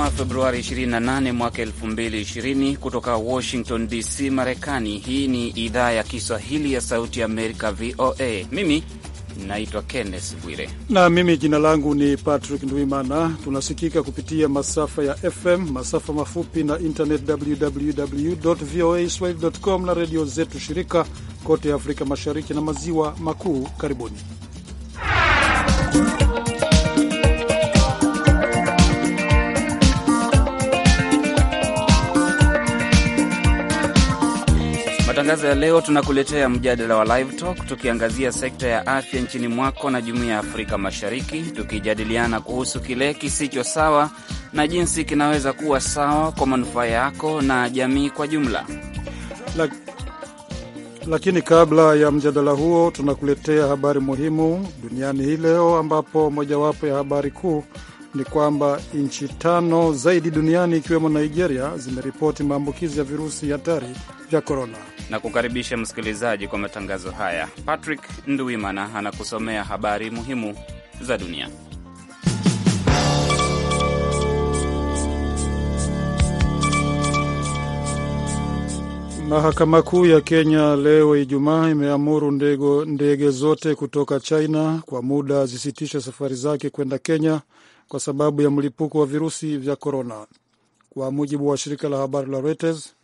Ijumaa Februari 28 mwaka 2020 kutoka Washington DC, Marekani. Hii ni idhaa ya Kiswahili ya Sauti ya Amerika, VOA. Mimi naitwa Kenneth Bwire na mimi jina langu ni Patrick Ndwimana. Tunasikika kupitia masafa ya FM, masafa mafupi na internet, www voa swahili com, na redio zetu shirika kote Afrika Mashariki na Maziwa Makuu. Karibuni matangazo ya leo tunakuletea mjadala wa Live Talk tukiangazia sekta ya afya nchini mwako na jumuiya ya Afrika Mashariki, tukijadiliana kuhusu kile kisicho sawa na jinsi kinaweza kuwa sawa kwa manufaa yako na jamii kwa jumla. Lak, lakini kabla ya mjadala huo tunakuletea habari muhimu duniani hii leo, ambapo mojawapo ya habari kuu ni kwamba nchi tano zaidi duniani ikiwemo Nigeria zimeripoti maambukizi ya virusi hatari vya korona. Na kukaribisha msikilizaji kwa matangazo haya, Patrick Nduwimana anakusomea habari muhimu za dunia. Mahakama Kuu ya Kenya leo Ijumaa imeamuru ndege zote kutoka China kwa muda zisitishe safari zake kwenda Kenya kwa sababu ya mlipuko wa virusi vya korona, kwa mujibu wa shirika la habari la Reuters.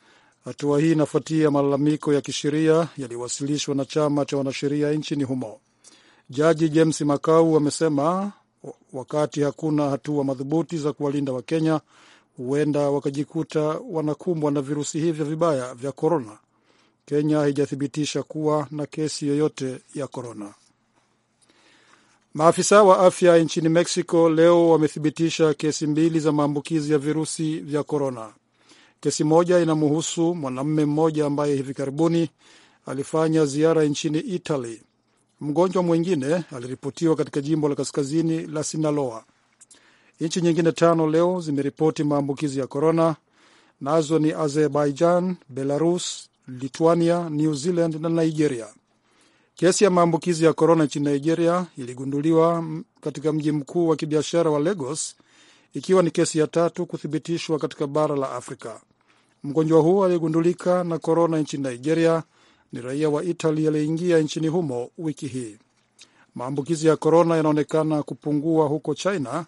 Hatua hii inafuatia malalamiko ya kisheria yaliyowasilishwa na chama cha wanasheria nchini humo. Jaji James Makau amesema wakati hakuna hatua madhubuti za kuwalinda Wakenya, huenda wakajikuta wanakumbwa na virusi hivyo vibaya vya korona. Kenya haijathibitisha kuwa na kesi yoyote ya korona. Maafisa wa afya nchini Mexico leo wamethibitisha kesi mbili za maambukizi ya virusi vya korona. Kesi moja inamhusu mwanamume mmoja ambaye hivi karibuni alifanya ziara nchini Italy. Mgonjwa mwingine aliripotiwa katika jimbo la kaskazini la Sinaloa. Nchi nyingine tano leo zimeripoti maambukizi ya korona, nazo ni Azerbaijan, Belarus, lituania New Zealand na Nigeria. Kesi ya maambukizi ya korona nchini Nigeria iligunduliwa katika mji mkuu wa kibiashara wa Lagos, ikiwa ni kesi ya tatu kuthibitishwa katika bara la Afrika. Mgonjwa huo aliyegundulika na korona nchini Nigeria ni raia wa Itali aliyeingia nchini humo wiki hii. Maambukizi ya korona yanaonekana kupungua huko China,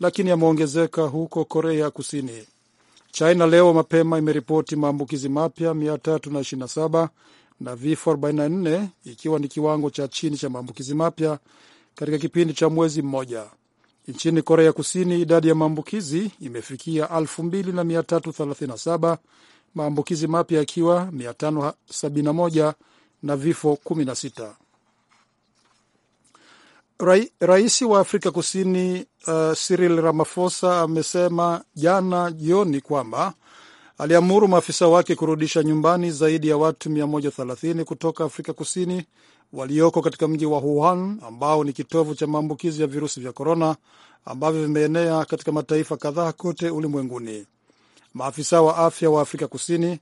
lakini yameongezeka huko Korea Kusini. China leo mapema imeripoti maambukizi mapya 327 na vifo 44 ikiwa ni kiwango cha chini cha maambukizi mapya katika kipindi cha mwezi mmoja. Nchini Korea Kusini, idadi ya maambukizi imefikia 2337 maambukizi mapya yakiwa 571 na vifo 16. Rais wa Afrika Kusini uh, Cyril Ramaphosa amesema jana jioni kwamba aliamuru maafisa wake kurudisha nyumbani zaidi ya watu 130 kutoka Afrika Kusini walioko katika mji wa Wuhan ambao ni kitovu cha maambukizi ya virusi vya korona ambavyo vimeenea katika mataifa kadhaa kote ulimwenguni. Maafisa wa afya wa Afrika Kusini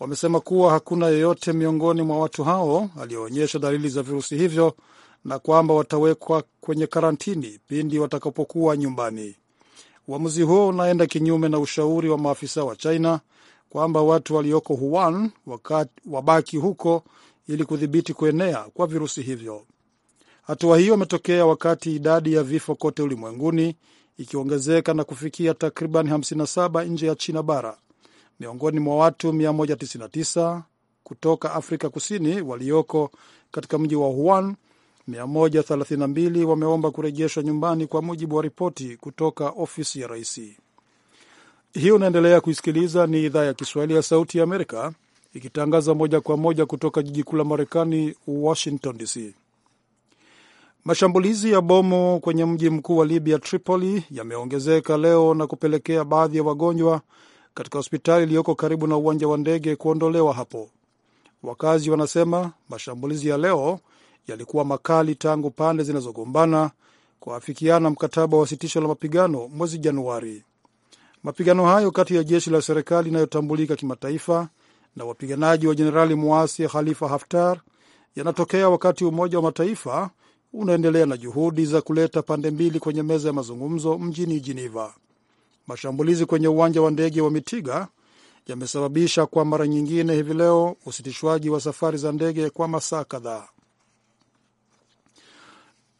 wamesema kuwa hakuna yeyote miongoni mwa watu hao aliyoonyesha dalili za virusi hivyo na kwamba watawekwa kwenye karantini pindi watakapokuwa nyumbani. Uamuzi huo unaenda kinyume na ushauri wa maafisa wa China kwamba watu walioko Wuhan wakati wabaki huko ili kudhibiti kuenea kwa virusi hivyo. Hatua hiyo imetokea wakati idadi ya vifo kote ulimwenguni ikiongezeka na kufikia takriban 57 nje ya China bara. Miongoni mwa watu 199 kutoka Afrika Kusini walioko katika mji wa Wuhan, 132 wameomba kurejeshwa nyumbani, kwa mujibu wa ripoti kutoka ofisi ya raisi hiyi unaendelea kuisikiliza ni idhaa ya Kiswahili ya Sauti ya Amerika ikitangaza moja kwa moja kutoka jiji kuu la Marekani, Washington DC. Mashambulizi ya bomu kwenye mji mkuu wa Libya, Tripoli, yameongezeka leo na kupelekea baadhi ya wagonjwa katika hospitali iliyoko karibu na uwanja wa ndege kuondolewa hapo. Wakazi wanasema mashambulizi ya leo yalikuwa makali tangu pande zinazogombana kuafikiana mkataba wa sitisho la mapigano mwezi Januari. Mapigano hayo kati ya jeshi la serikali inayotambulika kimataifa na wapiganaji wa jenerali muasi Khalifa Haftar yanatokea wakati Umoja wa Mataifa unaendelea na juhudi za kuleta pande mbili kwenye meza ya mazungumzo mjini Geneva. Mashambulizi kwenye uwanja wa ndege wa Mitiga yamesababisha kwa mara nyingine hivi leo usitishwaji wa safari za ndege kwa masaa kadhaa.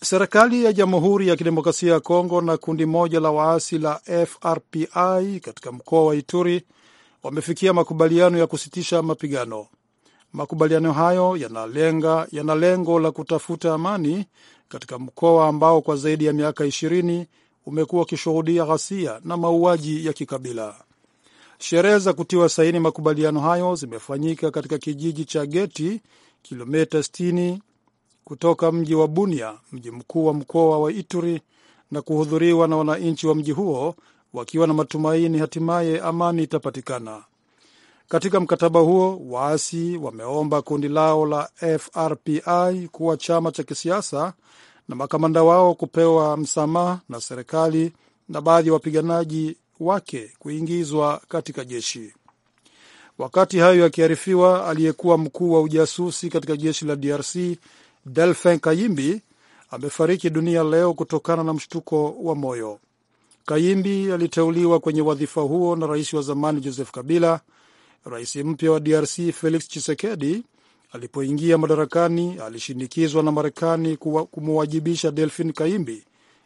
Serikali ya Jamhuri ya Kidemokrasia ya Kongo na kundi moja la waasi la FRPI katika mkoa wa Ituri wamefikia makubaliano ya kusitisha mapigano. Makubaliano hayo yanalenga yana lengo la kutafuta amani katika mkoa ambao kwa zaidi ya miaka ishirini umekuwa ukishuhudia ghasia na mauaji ya kikabila. Sherehe za kutiwa saini makubaliano hayo zimefanyika katika kijiji cha Geti, kilomita kutoka mji wa Bunia, mji mkuu wa mkoa wa Ituri, na kuhudhuriwa na wananchi wa mji huo wakiwa na matumaini hatimaye amani itapatikana. Katika mkataba huo, waasi wameomba kundi lao la FRPI kuwa chama cha kisiasa na makamanda wao kupewa msamaha na serikali na baadhi ya wapiganaji wake kuingizwa katika jeshi. Wakati hayo yakiarifiwa, aliyekuwa mkuu wa ujasusi katika jeshi la DRC Delphin Kayimbi amefariki dunia leo kutokana na mshtuko wa moyo. Kayimbi aliteuliwa kwenye wadhifa huo na rais wa zamani Joseph Kabila. Rais mpya wa DRC Felix Tshisekedi alipoingia madarakani alishinikizwa na Marekani kumwajibisha Delphin Kayimbi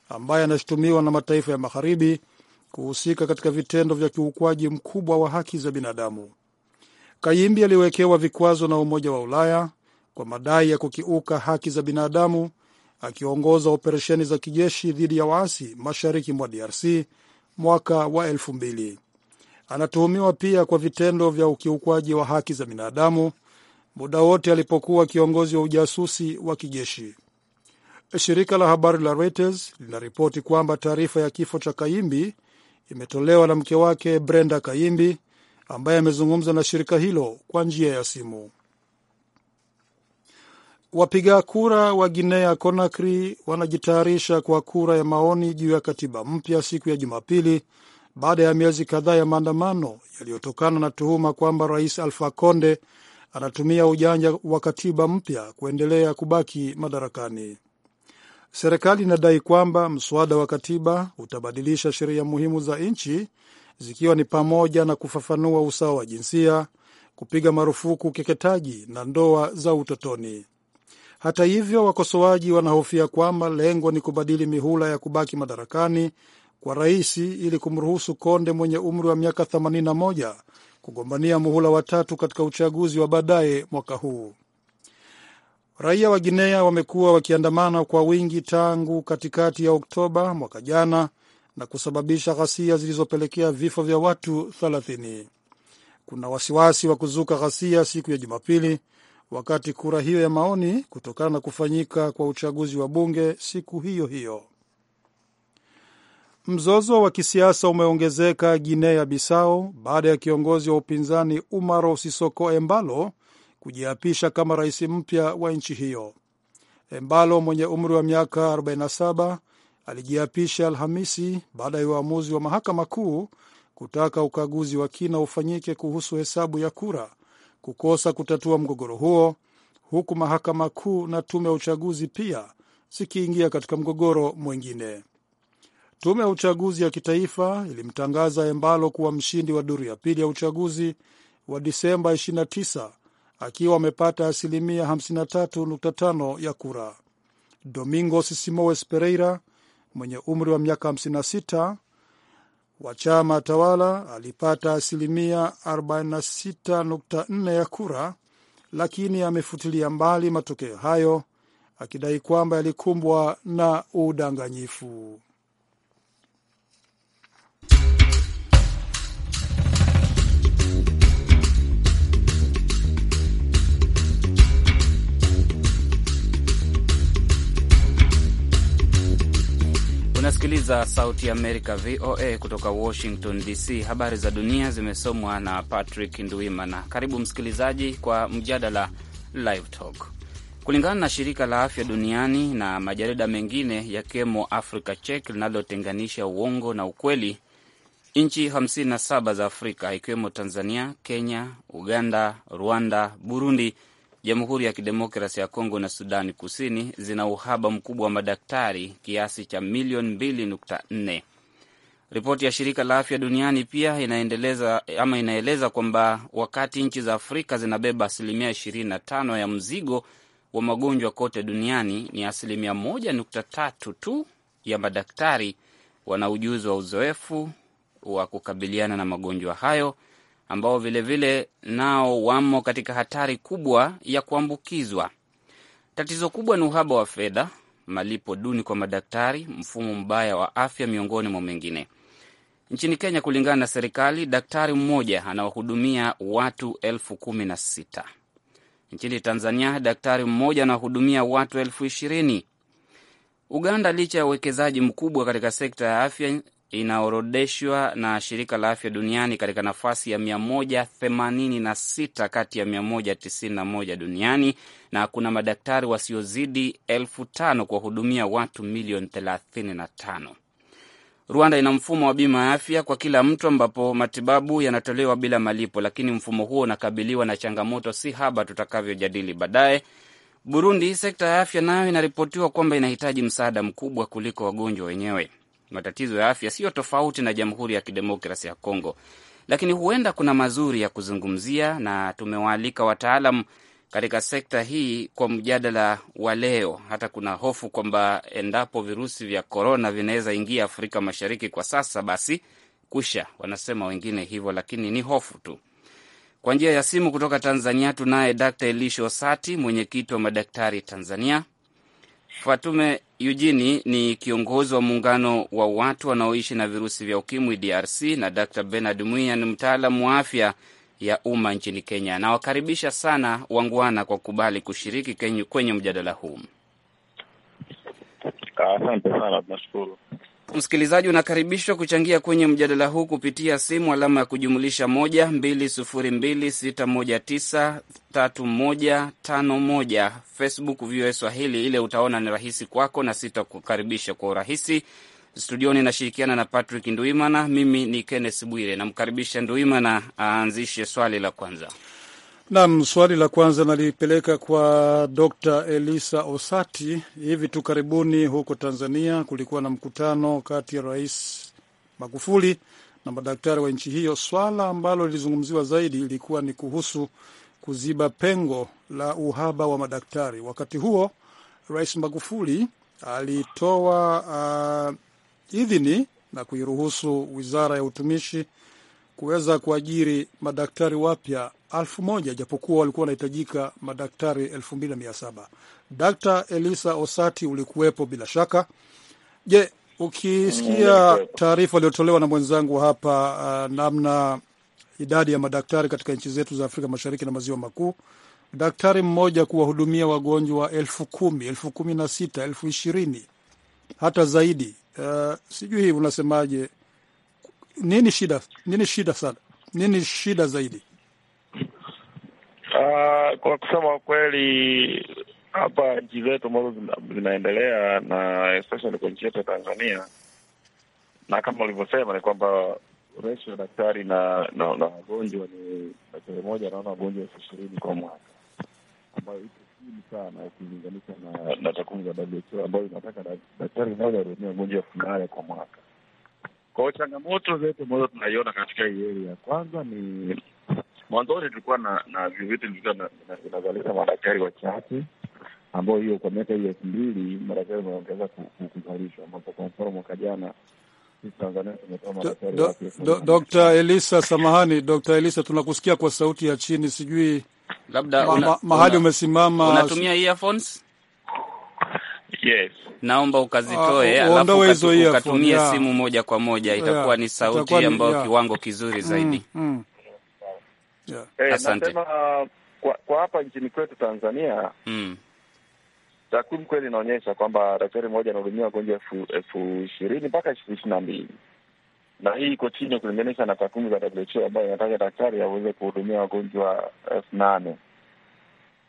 ambaye anashutumiwa na mataifa ya magharibi kuhusika katika vitendo vya kiukwaji mkubwa wa haki za binadamu. Kayimbi aliwekewa vikwazo na Umoja wa Ulaya kwa madai ya kukiuka haki za binadamu akiongoza operesheni za kijeshi dhidi ya waasi mashariki mwa DRC mwaka wa elfu mbili. Anatuhumiwa pia kwa vitendo vya ukiukwaji wa haki za binadamu muda wote alipokuwa kiongozi wa ujasusi wa kijeshi. Shirika la habari la Reuters linaripoti kwamba taarifa ya kifo cha Kayimbi imetolewa na mke wake Brenda Kayimbi ambaye amezungumza na shirika hilo kwa njia ya simu. Wapiga kura wa Guinea Conakry wanajitayarisha kwa kura ya maoni juu ya katiba mpya siku ya Jumapili baada ya miezi kadhaa ya maandamano yaliyotokana na tuhuma kwamba Rais Alpha Conde anatumia ujanja wa katiba mpya kuendelea kubaki madarakani. Serikali inadai kwamba mswada wa katiba utabadilisha sheria muhimu za nchi zikiwa ni pamoja na kufafanua usawa wa jinsia, kupiga marufuku ukeketaji na ndoa za utotoni. Hata hivyo, wakosoaji wanahofia kwamba lengo ni kubadili mihula ya kubaki madarakani kwa rais ili kumruhusu Konde mwenye umri wa miaka 81 kugombania muhula watatu katika uchaguzi wa baadaye mwaka huu. Raia wa Guinea wamekuwa wakiandamana kwa wingi tangu katikati ya Oktoba mwaka jana na kusababisha ghasia zilizopelekea vifo vya watu 30. Kuna wasiwasi wa kuzuka ghasia siku ya Jumapili wakati kura hiyo ya maoni kutokana na kufanyika kwa uchaguzi wa bunge siku hiyo hiyo. Mzozo wa kisiasa umeongezeka Guinea Bissau baada ya kiongozi wa upinzani Umaro Sisoko Embalo kujiapisha kama rais mpya wa nchi hiyo. Embalo mwenye umri wa miaka 47 alijiapisha Alhamisi baada ya uamuzi wa mahakama kuu kutaka ukaguzi wa kina ufanyike kuhusu hesabu ya kura kukosa kutatua mgogoro huo, huku mahakama kuu na tume ya uchaguzi pia zikiingia katika mgogoro mwingine. Tume ya uchaguzi ya kitaifa ilimtangaza Embalo kuwa mshindi wa duru ya pili ya uchaguzi wa Disemba 29 akiwa amepata asilimia 53.5 ya kura. Domingos Simoes Pereira mwenye umri wa miaka 56 wa chama tawala alipata asilimia 46.4 ya kura, lakini amefutilia mbali matokeo hayo akidai kwamba yalikumbwa na udanganyifu. kusikiliza Sauti ya Amerika, VOA, kutoka Washington DC. Habari za dunia zimesomwa na Patrick Ndwimana. Karibu msikilizaji kwa mjadala Live Talk. Kulingana na shirika la afya duniani na majarida mengine yakiwemo Africa Check linalotenganisha uongo na ukweli, nchi 57 za Afrika ikiwemo Tanzania, Kenya, Uganda, Rwanda, Burundi Jamhuri ya Kidemokrasi ya Kongo na Sudani Kusini zina uhaba mkubwa wa madaktari kiasi cha milioni mbili nukta nne. Ripoti ya shirika la afya duniani pia inaendeleza ama inaeleza kwamba wakati nchi za Afrika zinabeba asilimia 25 ya mzigo wa magonjwa kote duniani, ni asilimia 1.3 tu ya madaktari wana ujuzi wa uzoefu wa kukabiliana na magonjwa hayo, ambao vilevile vile nao wamo katika hatari kubwa ya kuambukizwa. Tatizo kubwa ni uhaba wa fedha, malipo duni kwa madaktari, mfumo mbaya wa afya, miongoni mwa mengine. Nchini Kenya, kulingana na serikali, daktari mmoja anawahudumia watu elfu kumi na sita. Nchini Tanzania, daktari mmoja anawahudumia watu elfu ishirini. Uganda, licha ya uwekezaji mkubwa katika sekta ya afya, inaorodeshwa na shirika la afya duniani katika nafasi ya 186 kati ya 191 duniani, na kuna madaktari wasiozidi elfu tano kuwahudumia watu milioni 35. Rwanda ina mfumo wa bima ya afya kwa kila mtu ambapo matibabu yanatolewa bila malipo, lakini mfumo huo unakabiliwa na changamoto si haba tutakavyojadili baadaye. Burundi, sekta ya afya nayo inaripotiwa kwamba inahitaji msaada mkubwa kuliko wagonjwa wenyewe matatizo ya afya siyo tofauti na Jamhuri ya Kidemokrasi ya Kongo, lakini huenda kuna mazuri ya kuzungumzia, na tumewaalika wataalam katika sekta hii kwa mjadala wa leo. Hata kuna hofu kwamba endapo virusi vya korona vinaweza ingia Afrika Mashariki kwa sasa, basi kusha, wanasema wengine hivyo, lakini ni hofu tu. Kwa njia ya simu kutoka Tanzania tunaye d Elisho Sati, mwenyekiti wa madaktari Tanzania. Fatume Yujini ni kiongozi wa muungano wa watu wanaoishi na virusi vya ukimwi DRC na Dr Bernard mwia ni mtaalamu wa afya ya umma nchini Kenya. Nawakaribisha sana wangwana kwa kubali kushiriki kwenye mjadala huu. Asante sana, tunashukuru. Msikilizaji unakaribishwa kuchangia kwenye mjadala huu kupitia simu alama ya kujumulisha moja mbili sufuri mbili sita moja tisa tatu moja tano moja Facebook VOA Swahili, ile utaona ni rahisi kwako na sitakukaribisha kwa urahisi. Studioni nashirikiana na Patrick Nduimana, mimi ni kennes Bwire. Namkaribisha Nduimana aanzishe swali la kwanza. Nam, swali la kwanza nalipeleka kwa Dr Elisa Osati. Hivi tu karibuni huko Tanzania kulikuwa na mkutano kati ya Rais Magufuli na madaktari wa nchi hiyo. Swala ambalo lilizungumziwa zaidi ilikuwa ni kuhusu kuziba pengo la uhaba wa madaktari. Wakati huo Rais Magufuli alitoa uh, idhini na kuiruhusu Wizara ya Utumishi kuweza kuajiri madaktari wapya elfu moja japokuwa walikuwa wanahitajika madaktari elfu mbili na mia saba. Dkt Elisa Osati, ulikuwepo bila shaka. Je, ukisikia mm, taarifa iliyotolewa na mwenzangu hapa uh, namna idadi ya madaktari katika nchi zetu za Afrika Mashariki na Maziwa Makuu, daktari mmoja kuwahudumia wagonjwa elfu kumi elfu kumi na sita elfu ishirini hata zaidi. Uh, sijui unasemaje nini shida, nini shida sana, nini shida zaidi? Uh, kwa kusema kweli hapa nchi zetu ambazo zinaendelea na especially kwa nchi yetu ya Tanzania, na kama ulivyosema ni kwamba ratio ya daktari na na wagonjwa ni daktari moja anaona wagonjwa elfu ishirini kwa mwaka, ambayo iko chini sana ukilinganisha na takwimu za WHO ambayo inataka daktari mmoja ahudumia wagonjwa elfu nane kwa mwaka. Kwa hiyo changamoto zetu ambazo tunaiona katika hii area ya kwanza ni mwanzoni tulikuwa na na vivitu vilikuwa vinazalisha madaktari wachache, ambao hiyo kwa miaka hii elfu mbili madaktari wameongeza kuzalishwa, ambapo kwa mfano mwaka jana Dr. Elisa, samahani d Elisa, tunakusikia kwa sauti ya chini, sijui labda ma, una, mahali una, umesimama unatumia earphones? Yes. Naomba ukazitoe uh, alafu ukatumie yeah, simu moja kwa moja itakuwa yeah, ni sauti ambayo yeah, kiwango kizuri mm, zaidi mm, mm. Yeah. Hey, asante. Nasema, kwa, kwa hapa nchini kwetu Tanzania mm. Takwimu kweli inaonyesha kwamba daktari mmoja anahudumia wagonjwa elfu ishirini mpaka elfu ishirini na mbili na hii iko chini ukilinganisha na takwimu za WHO ambayo inataka daktari aweze kuhudumia wagonjwa elfu nane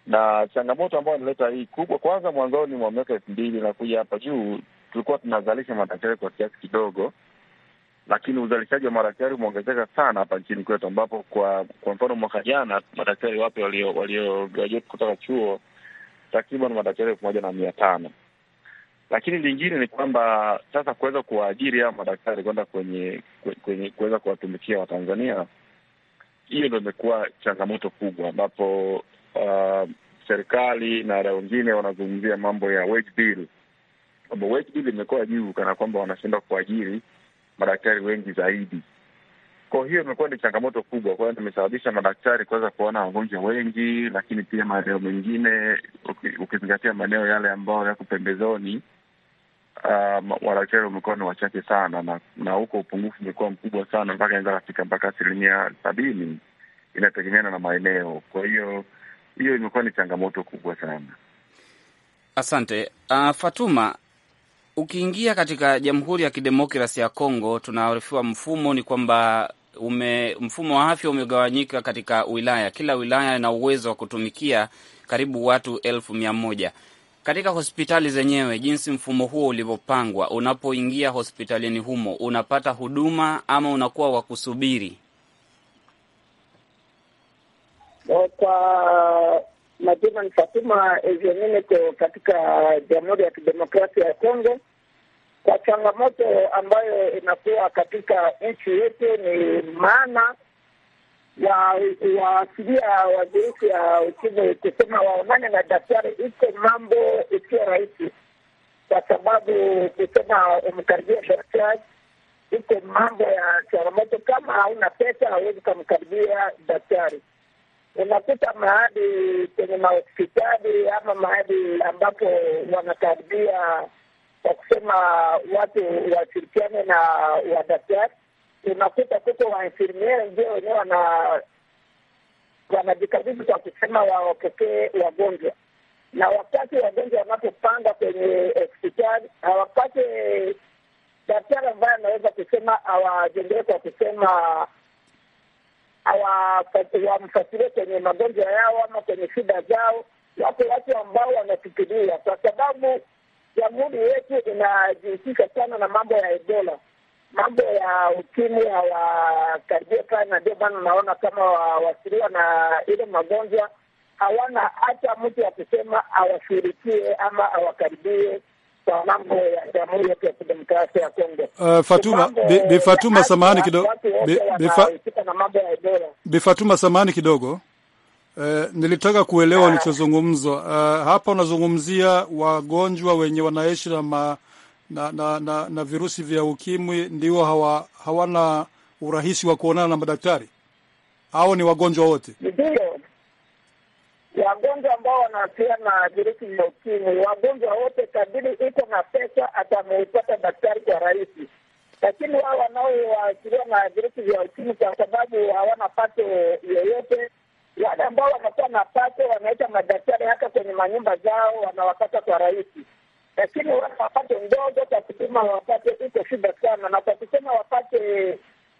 na changamoto ambayo inaleta hii kubwa, kwanza mwanzoni mwa miaka elfu mbili na kuja hapa juu tulikuwa tunazalisha madaktari kwa kiasi kidogo, lakini uzalishaji wa madaktari umeongezeka sana hapa nchini kwetu, ambapo kwa kwa mfano mwaka jana madaktari wapya walio kutoka chuo takriban madaktari elfu moja na mia tano lakini lingine ni kwamba sasa kuweza kuwaajiri hao madaktari kwenda kwenye kwenye kuweza kuwatumikia Watanzania, hiyo ndo imekuwa changamoto kubwa, ambapo uh, serikali na ada wengine wanazungumzia mambo ya wage bill, wage bill imekuwa juu kana kwamba wanashindwa kuajiri madaktari wengi zaidi. Kwa hiyo imekuwa ni changamoto kubwa, kwa hiyo imesababisha madaktari kuweza kuona wagonjwa wengi, lakini pia maeneo mengine, ukizingatia maeneo yale ambayo yako pembezoni, um, uh, wadaktari wamekuwa ni wachache sana, na na huko upungufu umekuwa mkubwa sana, mpaka inaweza kafika mpaka asilimia sabini, inategemeana na maeneo. Kwa hiyo hiyo imekuwa ni changamoto kubwa sana. Asante uh, Fatuma. Ukiingia katika Jamhuri ya Kidemokrasi ya Kongo, tunaarifiwa mfumo ni kwamba ume, mfumo wa afya umegawanyika katika wilaya. Kila wilaya ina uwezo wa kutumikia karibu watu elfu mia moja katika hospitali zenyewe. Jinsi mfumo huo ulivyopangwa, unapoingia hospitalini humo unapata huduma ama unakuwa wa kusubiri? Eh, kwa majina ni Fatuma Ezeminiko katika Jamhuri ya Kidemokrasia ya Kongo. Kwa changamoto ambayo inakuwa katika nchi yetu ni maana ya waasilia wa virusi ya ukimwi kusema waonane na daktari, iko mambo isiyo rahisi, kwa sababu kusema umkaribia daktari iko mambo ya changamoto. Kama hauna pesa, hauwezi ukamkaribia daktari unakuta mahali kwenye mahospitali ama mahali ambapo wanataribia kwa kusema watu washirikiane na wadaktari, unakuta kuko wainfirmiere ndio wenyewe wanajikabidhi kwa kusema wawapokee wagonjwa, na wakati wagonjwa wanapopanda kwenye hospitali hawapate daktari ambaye anaweza kusema awajengee kwa kusema wamfuatilie kwenye magonjwa yao ama kwenye shida zao, wako watu ambao wanafikiria, kwa sababu jamhuri yetu inajihusisha sana na mambo ya Ebola, mambo ya ukimwi hawakaribia sana. Ndio maana naona kama wawasiriwa na ile magonjwa hawana hata mtu akisema kusema awashirikie ama awakaribie kwa mambo ya Jamhuri ya Kidemokrasia ya Kongo. Uh, Fatuma be, be Fatuma samahani kidogo. Be, be, be Fatuma samahani kidogo. Uh, nilitaka kuelewa ulichozungumzwa. Uh, hapa unazungumzia wagonjwa wenye wanaishi na, na, na, na, na virusi vya ukimwi ndio hawa, hawana urahisi wa kuonana na madaktari au ni wagonjwa wote? wagonjwa ambao wanaasilia na virusi vya ukimwi, wagonjwa wote, kabili iko na pesa atameipata daktari kwa rahisi, lakini wao wanaoasilia na virusi vya ukimwi kwa sababu hawana pato yoyote wale ambao wanakuwa na pato wanaita madaktari hata kwenye manyumba zao wanawapata kwa rahisi, lakini wale wapate ndogo kwa kusema wapate iko shida sana, na kwa kusema wapate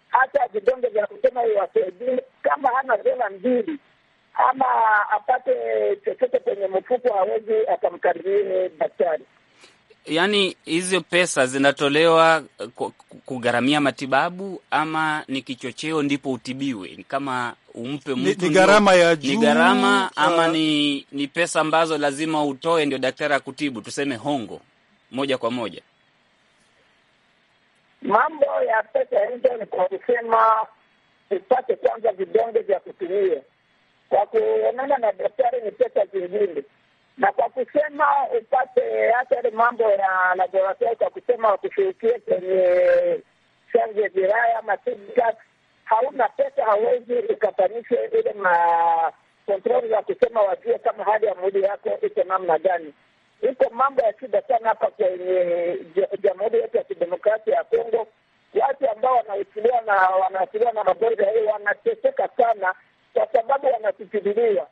hata vidonge vya kusema iwasaidie, kama hana dola mbili ama apate chochote kwenye mfuko, hawezi akamkaririni daktari. Yaani hizo pesa zinatolewa kugharamia matibabu ama ni kichocheo ndipo utibiwe? Kama umpe mtu ni gharama ya juu, ni gharama uh, ama ni, ni pesa ambazo lazima utoe ndio daktari akutibu, tuseme hongo moja kwa moja. Mambo ya pesa hizo ni kwa kusema upate kwanza vidonge vya kutumia kwa kuonana na daktari ni pesa zingine, na kwa kusema upate hata ile mambo ya laboratori, kwa kusema wakushirikie kwenye chanjo jiraya ama hauna pesa, hawezi ukatanishe ile makontroli ya kusema wajue kama hali ya mwili yako iko namna gani. Iko mambo ya shida sana hapa kwenye jamhuri yetu ya kidemokrasia ya Kongo. Watu ambao wanaasiliwa na magonjwa hiyo wanateseka sana kwa sababu wanasisitilia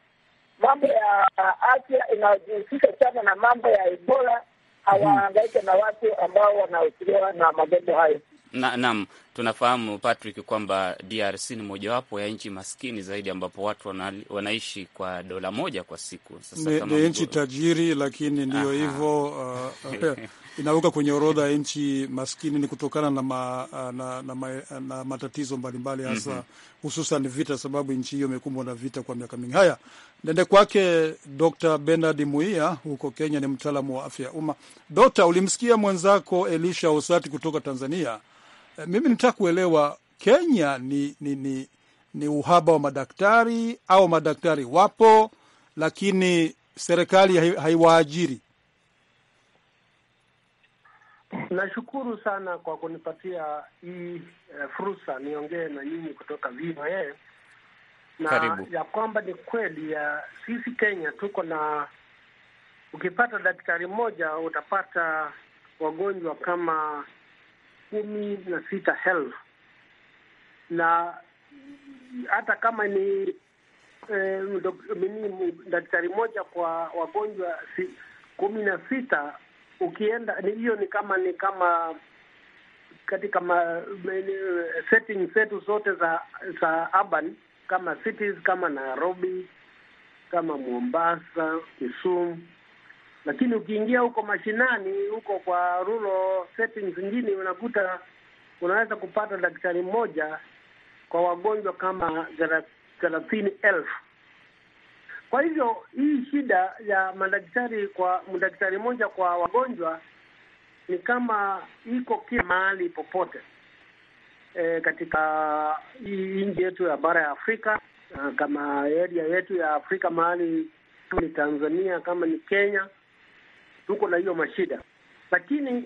mambo ya uh, afya inayojihusisha sana na mambo ya Ebola hawaangaike na watu ambao wanahusiliwa na magonjwa hayo. Naam tunafahamu Patrick kwamba DRC ni mojawapo ya nchi maskini zaidi ambapo watu wana, wanaishi kwa dola moja kwa siku. Sasa ni nchi tajiri lakini ndiyo hivyo uh, inaweka kwenye orodha ya nchi maskini ni kutokana na, ma, na, na, na, na matatizo mbalimbali hasa mm hususan -hmm. vita, sababu nchi hiyo imekumbwa na vita kwa miaka mingi. Haya, nende kwake Dr. Bernard Muia huko Kenya, ni mtaalamu wa afya ya umma. Dokta, ulimsikia mwenzako Elisha Osati kutoka Tanzania. E, mimi nitaka kuelewa Kenya ni, ni, ni, ni uhaba wa madaktari au madaktari wapo lakini serikali haiwaajiri? Nashukuru sana kwa kunipatia hii e, fursa niongee na nyinyi kutoka VOA na Karibu. ya kwamba ni kweli ya sisi Kenya tuko na, ukipata daktari mmoja utapata wagonjwa kama kumi na sita health na hata kama ni eh, daktari mmoja kwa wagonjwa si, kumi na sita ukienda hiyo ni kama ni kama katika ma, setting zetu zote za za urban kama cities kama Nairobi kama Mombasa, Kisumu, lakini ukiingia huko mashinani huko kwa rural settings zingine unakuta unaweza kupata daktari mmoja kwa wagonjwa kama thelathini elfu kwa hivyo hii shida ya madaktari kwa mdaktari mmoja kwa wagonjwa ni kama iko kila mahali popote, e, katika hii nchi yetu ya bara ya Afrika, kama area yetu ya Afrika mahali ni Tanzania, kama ni Kenya, tuko na hiyo mashida, lakini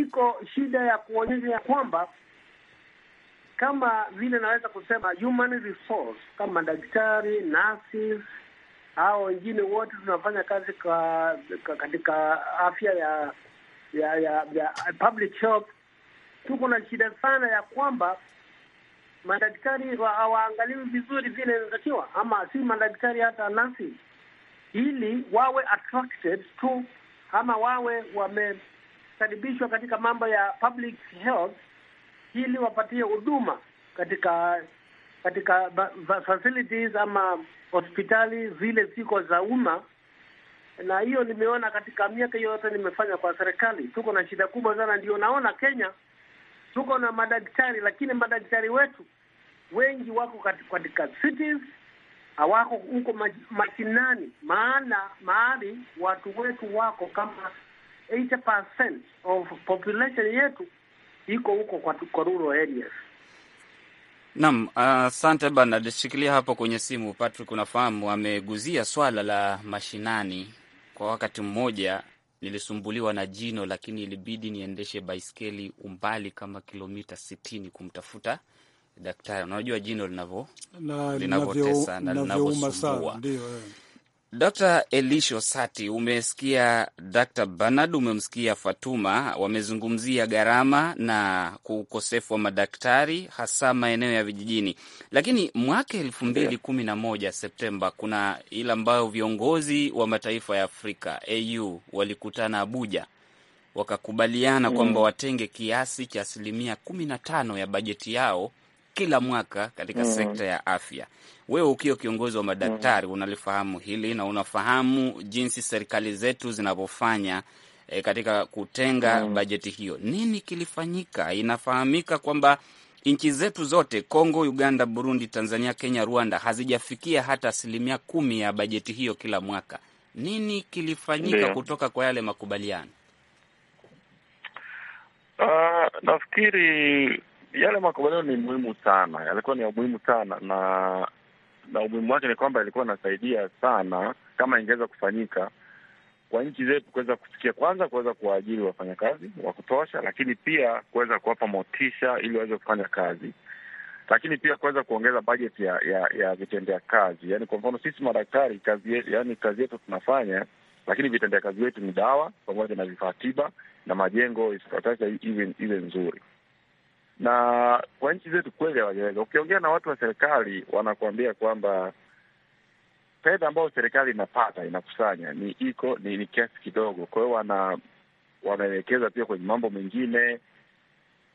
iko shida ya kuonyesha ya kwamba kama vile naweza kusema human resource, kama madaktari nurses hao wengine wote tunafanya kazi kwa, kwa katika afya ya ya ya, ya public health. Tuko na shida sana ya kwamba madaktari hawaangaliwi vizuri vile inatakiwa, ama si madaktari, hata nasi, ili wawe attracted tu ama wawe wamekaribishwa katika mambo ya public health ili wapatie huduma katika katika facilities ama hospitali zile ziko za umma, na hiyo nimeona katika miaka yote nimefanya kwa serikali. Tuko na shida kubwa sana, ndio naona Kenya tuko na madaktari lakini madaktari wetu wengi wako katika cities, hawako huko mashinani, maana mahali watu wetu wako kama 80% of population yetu iko huko kwa rural areas. Naam, asante uh, bana. Shikilia hapo kwenye simu. Patrick, unafahamu ameguzia swala la mashinani. Kwa wakati mmoja nilisumbuliwa na jino, lakini ilibidi niendeshe baiskeli umbali kama kilomita sitini kumtafuta daktari. Unajua jino linavyotesa na linavyosumbua. Dr Elisho Sati, umesikia Dr Bernard, umemsikia Fatuma, wamezungumzia gharama na ukosefu wa madaktari hasa maeneo ya vijijini. Lakini mwaka elfu mbili kumi na moja Septemba, kuna ile ambayo viongozi wa mataifa ya Afrika au walikutana Abuja, wakakubaliana mm, kwamba watenge kiasi cha asilimia kumi na tano ya bajeti yao kila mwaka katika mm, sekta ya afya. Wewe ukiwa kiongozi wa madaktari mm, unalifahamu hili na unafahamu jinsi serikali zetu zinavyofanya e, katika kutenga mm, bajeti hiyo. Nini kilifanyika? Inafahamika kwamba nchi zetu zote Kongo, Uganda, Burundi, Tanzania, Kenya, Rwanda hazijafikia hata asilimia kumi ya bajeti hiyo kila mwaka. Nini kilifanyika Deo, kutoka kwa yale makubaliano? Uh, nafikiri yale makubaliano ni muhimu sana, yalikuwa ni ya muhimu sana na na umuhimu wake ni kwamba ilikuwa inasaidia sana kama ingeweza kufanyika kwa nchi zetu kuweza kufikia kwanza, kuweza kuwaajiri wafanyakazi wa kutosha, lakini pia kuweza kuwapa motisha ili waweze kufanya kazi, lakini pia kuweza kuongeza bajeti ya ya, ya vitendea kazi. Yani kwa mfano sisi madaktari kazi yetu, yani kazi yetu tunafanya, lakini vitendea kazi wetu ni dawa pamoja na vifaa tiba na majengo iwe nzuri na kwa nchi zetu kweli hawajaweza. Ukiongea na watu wa serikali wanakuambia kwamba fedha ambayo serikali inapata inakusanya ni iko ni, ni kiasi kidogo, kwa hiyo wana wanaelekeza pia kwenye mambo mengine,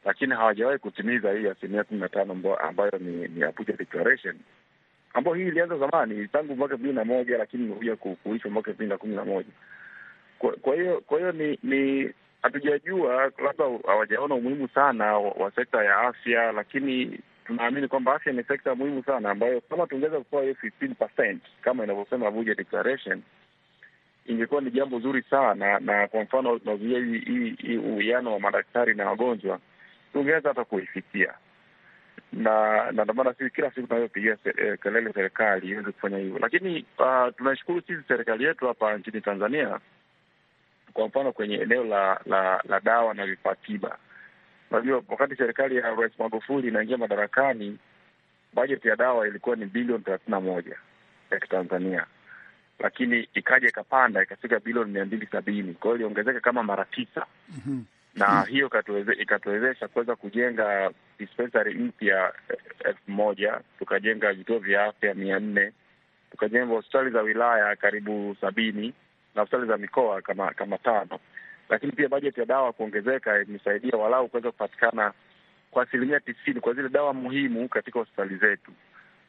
lakini hawajawahi kutimiza hii asilimia kumi na tano ambayo ni, ni Abuja Declaration ambayo hii ilianza zamani tangu mwaka elfu mbili na moja lakini imekuja kuishwa mwaka elfu mbili na kumi na moja. Kwa hiyo kwa hiyo ni, ni hatujajua, labda hawajaona umuhimu sana wa, sekta ya afya, lakini tunaamini kwamba afya ni sekta muhimu sana ambayo kama tungeweza kutoa hiyo 15% kama inavyosema Abuja Declaration ingekuwa ni jambo zuri sana, na kwa mfano tunazuia hii uwiano wa madaktari na wagonjwa, tungeweza hata kuifikia na ndio maana sisi kila siku tunayopigia eh, kelele serikali iweze kufanya hivyo, lakini uh, tunashukuru sisi serikali yetu hapa nchini Tanzania kwa mfano kwenye eneo la la, la dawa na vifaa tiba. Unajua, wakati serikali ya Rais Magufuli inaingia madarakani, bajeti ya dawa ilikuwa ni bilioni thelathini na moja ya Kitanzania, lakini ikaja ikapanda ikafika bilioni mia mbili sabini kwa hiyo iliongezeka kama mara tisa. mm -hmm. na -hmm. hiyo ikatuwezesha kuweza kujenga dispensari mpya eh, elfu moja tukajenga vituo vya afya mia nne tukajenga hospitali za wilaya karibu sabini na hospitali za mikoa kama kama tano, lakini pia bajeti ya dawa kuongezeka imesaidia walau kuweza kupatikana kwa asilimia tisini kwa zile dawa muhimu katika hospitali zetu.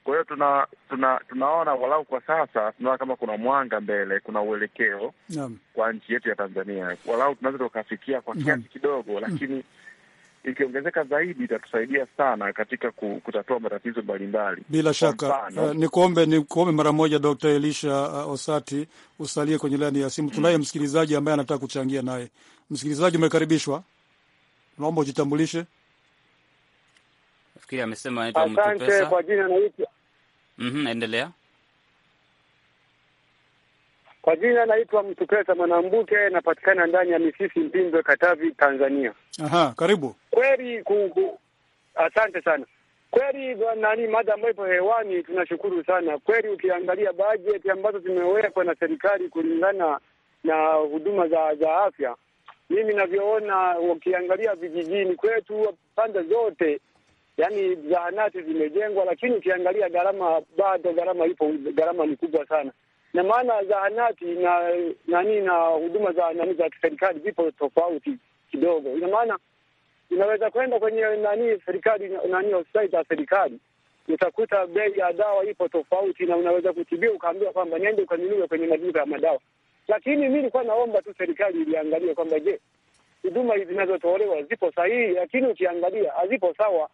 Kwa hiyo tuna, tuna tunaona walau kwa sasa tunaona kama kuna mwanga mbele, kuna uelekeo Naam. kwa nchi yetu ya Tanzania walau tunaweza tukafikia kwa kiasi kidogo, lakini ikiongezeka zaidi itatusaidia sana katika kutatua matatizo mbalimbali. Bila shaka uh, ni kuombe mara moja Dr. Elisha uh, Osati usalie kwenye laini ya simu. Tunaye mm. msikilizaji ambaye anataka kuchangia naye. Msikilizaji, umekaribishwa, naomba ujitambulishe. Nafikiri amesema anaitwa Mtupesa. Kwa jina naitwa mm -hmm, endelea kwa jina naitwa Mtukesa Mwanambuke, napatikana ndani ya Misisi Mpimbwe, Katavi, Tanzania. Aha, karibu. Kweli asante sana kweli nani, mada ambayo ipo hewani, tunashukuru sana kweli. Ukiangalia bajeti ambazo zimewekwa na serikali kulingana na huduma za za afya, mimi navyoona, ukiangalia vijijini kwetu pande zote, yani zahanati zimejengwa, lakini ukiangalia gharama, bado gharama ipo, gharama ni kubwa sana na maana zahanati na nani na huduma za nani za kiserikali zipo tofauti kidogo. Ina maana unaweza kwenda kwenye nani serikali nani hospitali za serikali utakuta bei ya dawa ipo tofauti, na unaweza kutibia ukaambiwa kwamba niende ukanunue kwenye maduka ya madawa. Lakini mi nilikuwa naomba tu serikali iliangalia kwamba je, huduma zinazotolewa zipo sahihi? Lakini ukiangalia hazipo sawa,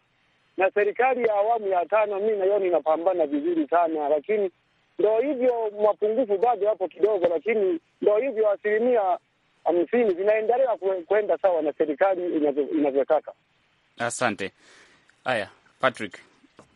na serikali ya awamu ya tano mi naiona inapambana vizuri sana, lakini Ndo hivyo mapungufu bado hapo kidogo, lakini ndo hivyo asilimia hamsini zinaendelea kwenda sawa na serikali inavyotaka. Asante. Haya, Patrick,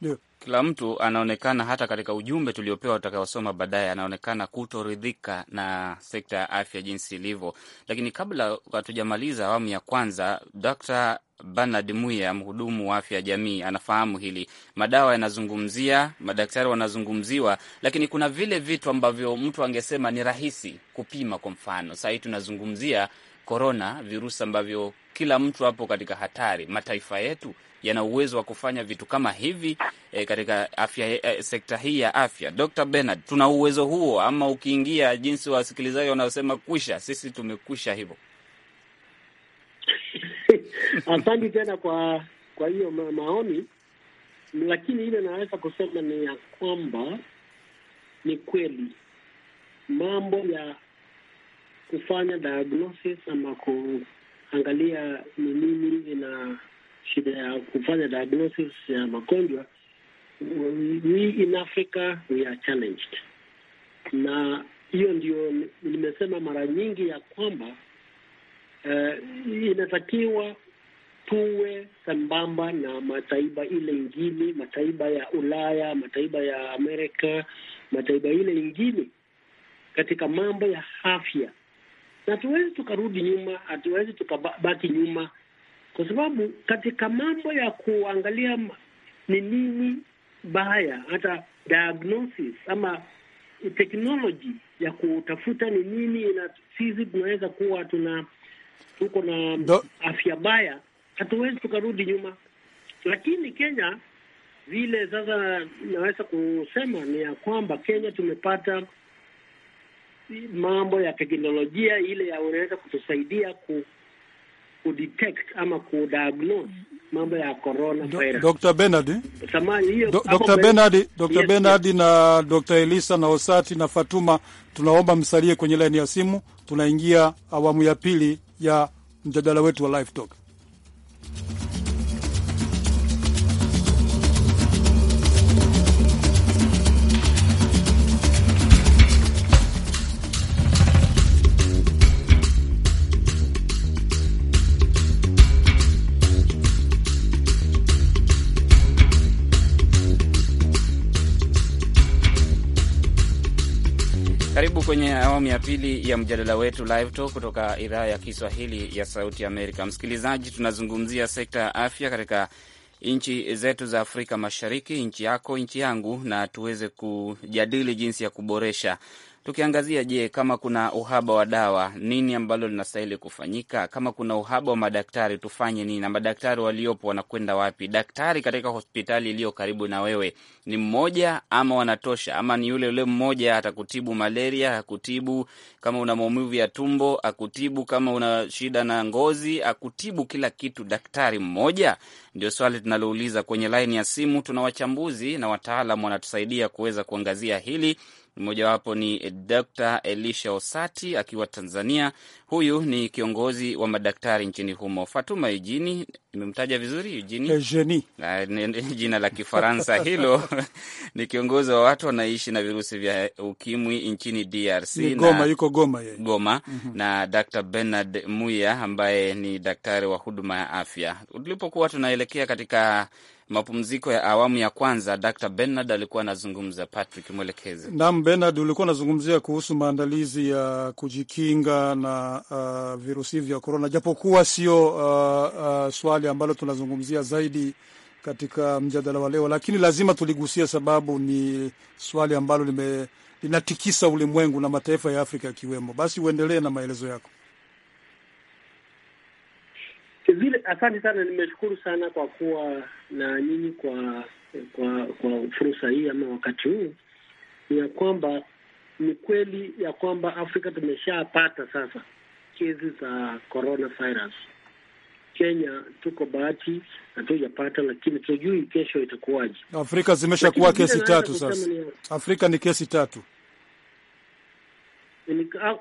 yeah. Kila mtu anaonekana hata katika ujumbe tuliopewa utakaosoma baadaye, anaonekana kutoridhika na sekta ya afya jinsi ilivyo. Lakini kabla hatujamaliza awamu ya kwanza, Dr Bernard Muya, mhudumu wa afya ya jamii, anafahamu hili. Madawa yanazungumzia, madaktari wanazungumziwa, lakini kuna vile vitu ambavyo mtu angesema ni rahisi kupima. Kwa mfano, saa hii tunazungumzia korona virusi ambavyo kila mtu hapo katika hatari. Mataifa yetu yana uwezo wa kufanya vitu kama hivi e, katika afya e, sekta hii ya afya. Dr Bernard, tuna uwezo huo ama ukiingia jinsi wasikilizaji wanaosema kwisha, sisi tumekwisha hivyo Asante tena kwa kwa hiyo ma maoni, lakini ile naweza kusema ni ya kwamba ni kweli mambo ya kufanya diagnosis ama kuangalia ni nini ina shida ya kufanya diagnosis ya magonjwa, we in Africa we are challenged, na hiyo ndio nimesema mara nyingi ya kwamba uh, inatakiwa tuwe sambamba na mataiba ile ingine, mataiba ya Ulaya, mataiba ya Amerika, mataiba ile ingine katika mambo ya afya, na hatuwezi tukarudi nyuma, hatuwezi tukabaki nyuma, kwa sababu katika mambo ya kuangalia ni nini baya, hata diagnosis ama teknoloji ya kutafuta ni nini, na sisi tunaweza kuwa tuna tuko na afya baya hatuwezi tukarudi nyuma. Lakini Kenya vile sasa naweza kusema ni ya kwamba Kenya tumepata mambo ya teknolojia ile yanaweza kutusaidia ku kudetect ama kudiagnose mambo ya corona virus. Dr. Bernard, eh? Dr. Bernard na Dr. Elisa na Osati na Fatuma, tunaomba msalie kwenye laini ya simu, tunaingia awamu ya pili ya mjadala wetu wa live talk. kwenye awamu ya pili ya mjadala wetu Live Talk kutoka idhaa ya Kiswahili ya Sauti Amerika. Msikilizaji, tunazungumzia sekta ya afya katika nchi zetu za Afrika Mashariki, nchi yako, nchi yangu, na tuweze kujadili jinsi ya kuboresha tukiangazia, je, kama kuna uhaba wa dawa, nini ambalo linastahili kufanyika? Kama kuna uhaba wa madaktari, tufanye nini? Na madaktari waliopo wanakwenda wapi? Daktari katika hospitali iliyo karibu na wewe ni mmoja ama wanatosha, ama ni yule yule mmoja atakutibu malaria, akutibu kama una maumivu ya tumbo, akutibu kama una shida na ngozi, akutibu kila kitu, daktari mmoja? Ndio swali tunalouliza kwenye laini ya simu. Tuna wachambuzi na wataalam wanatusaidia kuweza kuangazia hili Mmojawapo ni Dr Elisha Osati akiwa Tanzania. Huyu ni kiongozi wa madaktari nchini humo. Fatuma Ujini, imemtaja vizuri Eugeni? Jina la Kifaransa hilo ni kiongozi wa watu wanaishi na virusi vya ukimwi nchini DRC na, Goma, na, yuko Goma, Goma mm -hmm. na Dr Bernard Muya ambaye ni daktari wa huduma ya afya. Tulipokuwa tunaelekea katika mapumziko ya awamu ya kwanza, Dr Bernard alikuwa anazungumza. Patrick Mwelekezi. Naam, Bernard, ulikuwa anazungumzia kuhusu maandalizi ya kujikinga na uh, virusi vya korona, japokuwa sio uh, uh, swali ambalo tunazungumzia zaidi katika mjadala wa leo, lakini lazima tuligusia, sababu ni swali ambalo lime, linatikisa ulimwengu na mataifa ya Afrika yakiwemo. Basi uendelee na maelezo yako. Asante sana, nimeshukuru sana kwa kuwa na nyinyi kwa kwa kwa fursa hii ama wakati huu. Ni ya kwamba ni kweli ya kwamba Afrika tumeshapata sasa kesi za coronavirus. Kenya tuko bahati hatujapata, lakini tujui kesho itakuwaje. Afrika zimeshakuwa kesi tatu sasa. Afrika ni kesi tatu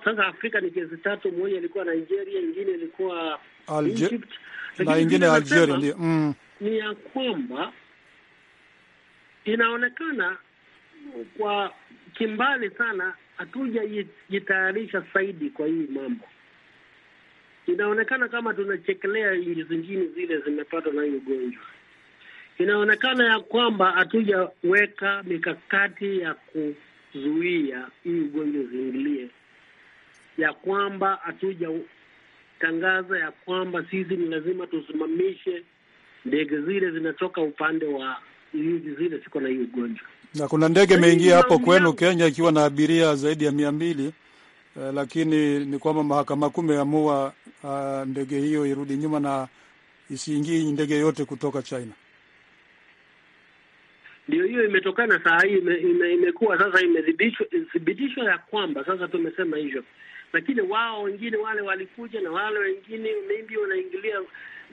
sasa Afrika ni kesi tatu, moja ilikuwa Nigeria, ingine ilikuwa Egypt na ingine Algeria. Ndio mm. ni ya kwamba inaonekana kwa kimbali sana, hatujajitayarisha zaidi kwa hii mambo. Inaonekana kama tunachekelea nchi zingine zile zimepatwa na hii ugonjwa. Inaonekana ya kwamba hatujaweka mikakati ya ku kuzuia hii ugonjwa usiingilie, ya kwamba hatujatangaza ya kwamba sisi ni lazima tusimamishe ndege zile zinatoka upande wa nyingi zile ziko na hii ugonjwa. Na kuna ndege imeingia hapo kwenu Kenya ikiwa na abiria zaidi ya mia mbili eh, lakini ni kwamba mahakama kuu imeamua uh, ndege hiyo irudi nyuma na isiingii ndege yote kutoka China ndio hiyo imetokana saa hii ime, ime, imekuwa sasa imethibitishwa ya kwamba sasa tumesema hivyo, lakini wao wengine wale walikuja na wale wengine maybe wanaingilia.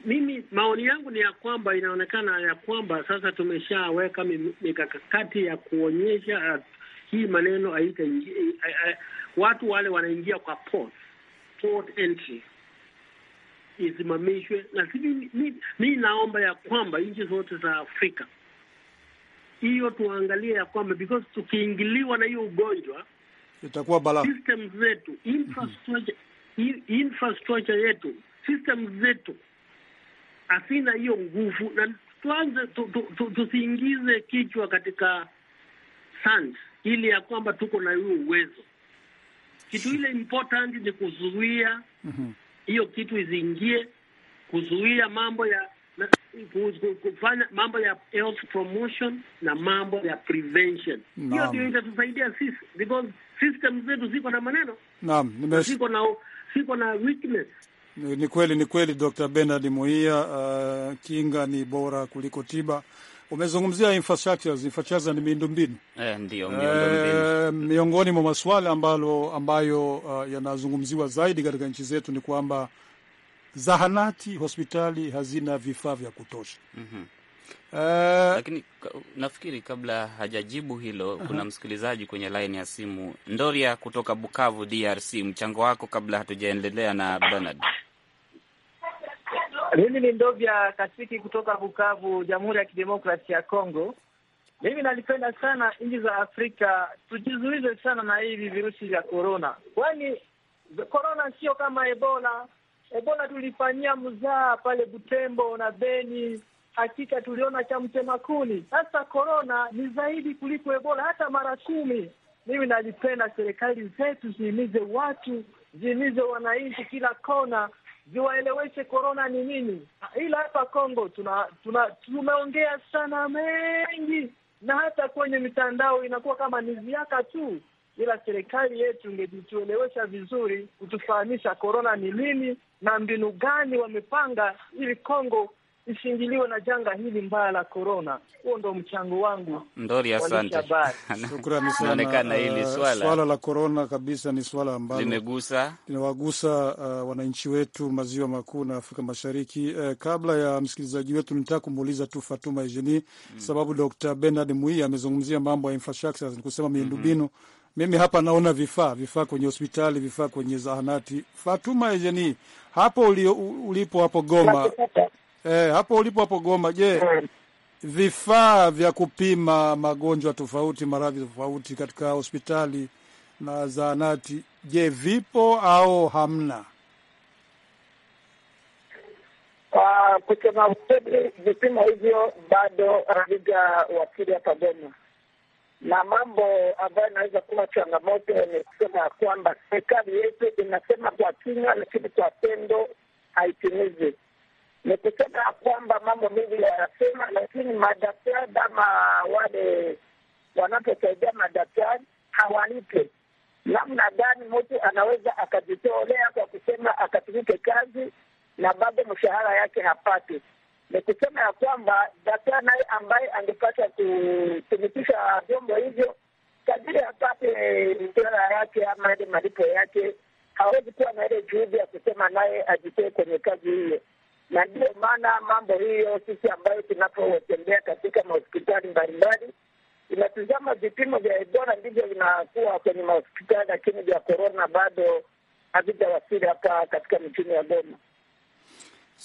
Mimi maoni yangu ni ya kwamba inaonekana ya kwamba sasa tumeshaweka mikakati ya kuonyesha uh, hii maneno haita eh, eh, watu wale wanaingia kwa port, port entry isimamishwe, na mi, mi naomba ya kwamba nchi zote za Afrika hiyo tuangalie ya kwamba because tukiingiliwa na hiyo ugonjwa itakuwa bala System zetu infrastructure, mm -hmm. infrastructure yetu system zetu hasina hiyo nguvu, na tuanze tusiingize tu, tu, tu kichwa katika sand ili ya kwamba tuko na hiyo uwezo. Kitu ile important ni kuzuia mhm. hiyo mm -hmm. kitu iziingie kuzuia mambo ya na kufanya mambo ya health promotion na mambo ya prevention. Hiyo ndio itatusaidia sisi, because system zetu ziko na maneno. Naam, nimes... ziko na ziko na weakness. Ni, ni kweli ni kweli, Dr. Bernard Muia, uh, kinga ni bora kuliko tiba. Umezungumzia infrastructures, infrastructures ni miundombinu eh, ndio eh, miongoni mwa masuala ambalo ambayo uh, yanazungumziwa zaidi katika nchi zetu ni kwamba zahanati, hospitali hazina vifaa vya kutosha. mm -hmm. Uh, lakini nafikiri kabla hajajibu hilo, uh -huh. Kuna msikilizaji kwenye laini ya simu, Ndoria kutoka Bukavu, DRC. Mchango wako kabla hatujaendelea na Bernard. Mimi ni Ndovya Kasiki kutoka Bukavu, Jamhuri ya Kidemokrasia ya Kongo. Mimi nalipenda sana nchi za Afrika tujizuize sana na hivi virusi vya korona, kwani korona sio kama Ebola Ebola eh, tulifanyia mzaa pale Butembo na Beni, hakika tuliona cha mtema kuni. Sasa korona ni zaidi kuliko Ebola hata mara kumi. Mimi nalipenda serikali zetu zihimize watu, zihimize wananchi kila kona, ziwaeleweshe korona ni nini. Ila hapa Kongo tuna, tuna, tumeongea sana mengi na hata kwenye mitandao inakuwa kama ni ziaka tu, ila serikali yetu ingetuelewesha vizuri, kutufahamisha korona ni nini na mbinu gani wamepanga ili Kongo isingiliwe na janga hili mbaya la corona. Huo ndo mchango wangu Ndori, asante. Shukrani sana. Inaonekana hili uh, swala swala la corona kabisa ni swala ambalo limegusa linawagusa uh, wananchi wetu maziwa makuu na Afrika Mashariki. Uh, kabla ya msikilizaji wetu, nitaka kumuuliza tu Fatuma Ejeni mm, sababu Dr. Bernard Mui amezungumzia mambo ya infrastructure, ni kusema miundombinu mm -hmm. Mimi hapa naona vifaa vifaa kwenye hospitali, vifaa kwenye zahanati. Fatuma Ejeni, hapo ulipo hapo Goma eh, hapo ulipo hapo Goma, je, vifaa vya kupima magonjwa tofauti, maradhi tofauti katika hospitali na zahanati, je, vipo au hamna? Kusema ukweli, vipimo hivyo bado havijawafikia hapa Goma na mambo ambayo inaweza kuwa changamoto ni kusema ya kwamba serikali yetu inasema kwa kinywa, lakini kwa tendo haitimizi. Ni kusema ya kwamba mambo mengi yanasema, lakini madaktari ama wale wanaposaidia madaktari hawalipe. Namna gani mtu anaweza akajitolea kwa kusema akatumike kazi na bado mshahara yake hapati? ni kusema ya kwamba daktari naye ambaye angepata kuthibitisha vyombo hivyo kadiri apate mshahara yake ama ale malipo yake, hawezi kuwa na ile juhudi ya kusema naye ajitoe kwenye kazi hiyo. Na ndiyo maana mambo hiyo, sisi ambayo tunapotembea katika mahospitali mbalimbali, inatizama vipimo vya Ebola ndivyo vinakuwa kwenye mahospitali, lakini vya korona bado havijawasili hapa katika mjini ya Goma.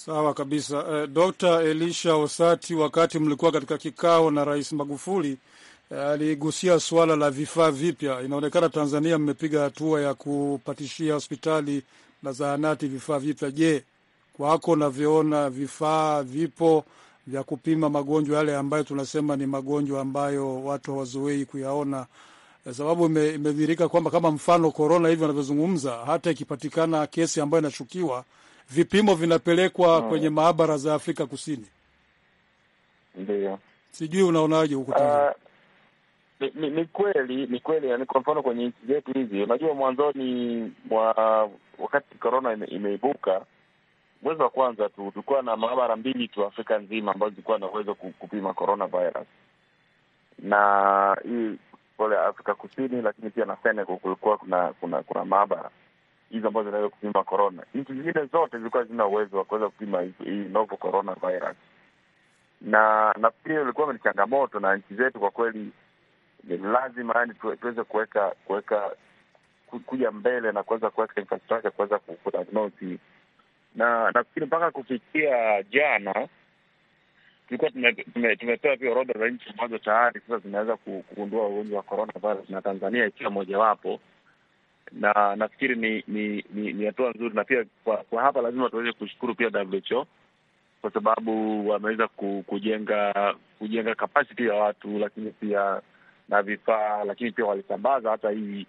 Sawa kabisa. E, eh, Dr. Elisha Osati, wakati mlikuwa katika kikao na Rais Magufuli eh, aligusia suala la vifaa vipya. Inaonekana Tanzania mmepiga hatua ya kupatishia hospitali na zahanati vifaa vipya. Je, kwako unavyoona vifaa vipo vya kupima magonjwa yale ambayo tunasema ni magonjwa ambayo watu hawazoei kuyaona, eh, sababu imedhihirika kwamba kama mfano korona hivi wanavyozungumza, hata ikipatikana kesi ambayo inashukiwa vipimo vinapelekwa hmm. kwenye maabara za Afrika Kusini. Ndio, sijui unaonaje huko Uh, ah, ni, ni, ni kweli ni kweli, yaani kwa mfano kwenye nchi zetu hizi, unajua mwanzoni mwa wakati korona ime, imeibuka mwezi wa kwanza tu tulikuwa na maabara mbili tu Afrika nzima ambazo zilikuwa na uwezo kupima corona virus na hii pole Afrika Kusini, lakini pia na Senegal kulikuwa kuna kuna kuna maabara hizo ambazo zinaweza kupima corona. Nchi zingine zote zilikuwa zina uwezo wa kuweza kupima hii novel corona virus, na nafikiri ilikuwa ni changamoto na nchi zetu kwa kweli, ni lazima yani tuweze kuweka kuweka kuja mbele na kuweza kuweka infrastructure kuweza kudiagnosi, na nafikiri mpaka kufikia jana tulikuwa tumepewa tume pia orodha za nchi ambazo tayari sasa zinaweza kugundua ugonjwa wa coronavirus na Tanzania ikiwa mojawapo na nafikiri ni ni ni, ni hatua nzuri, na pia kwa, kwa hapa lazima tuweze kushukuru pia WHO kwa sababu wameweza kujenga kujenga kapasiti ya watu, lakini pia na vifaa, lakini pia walisambaza hata hii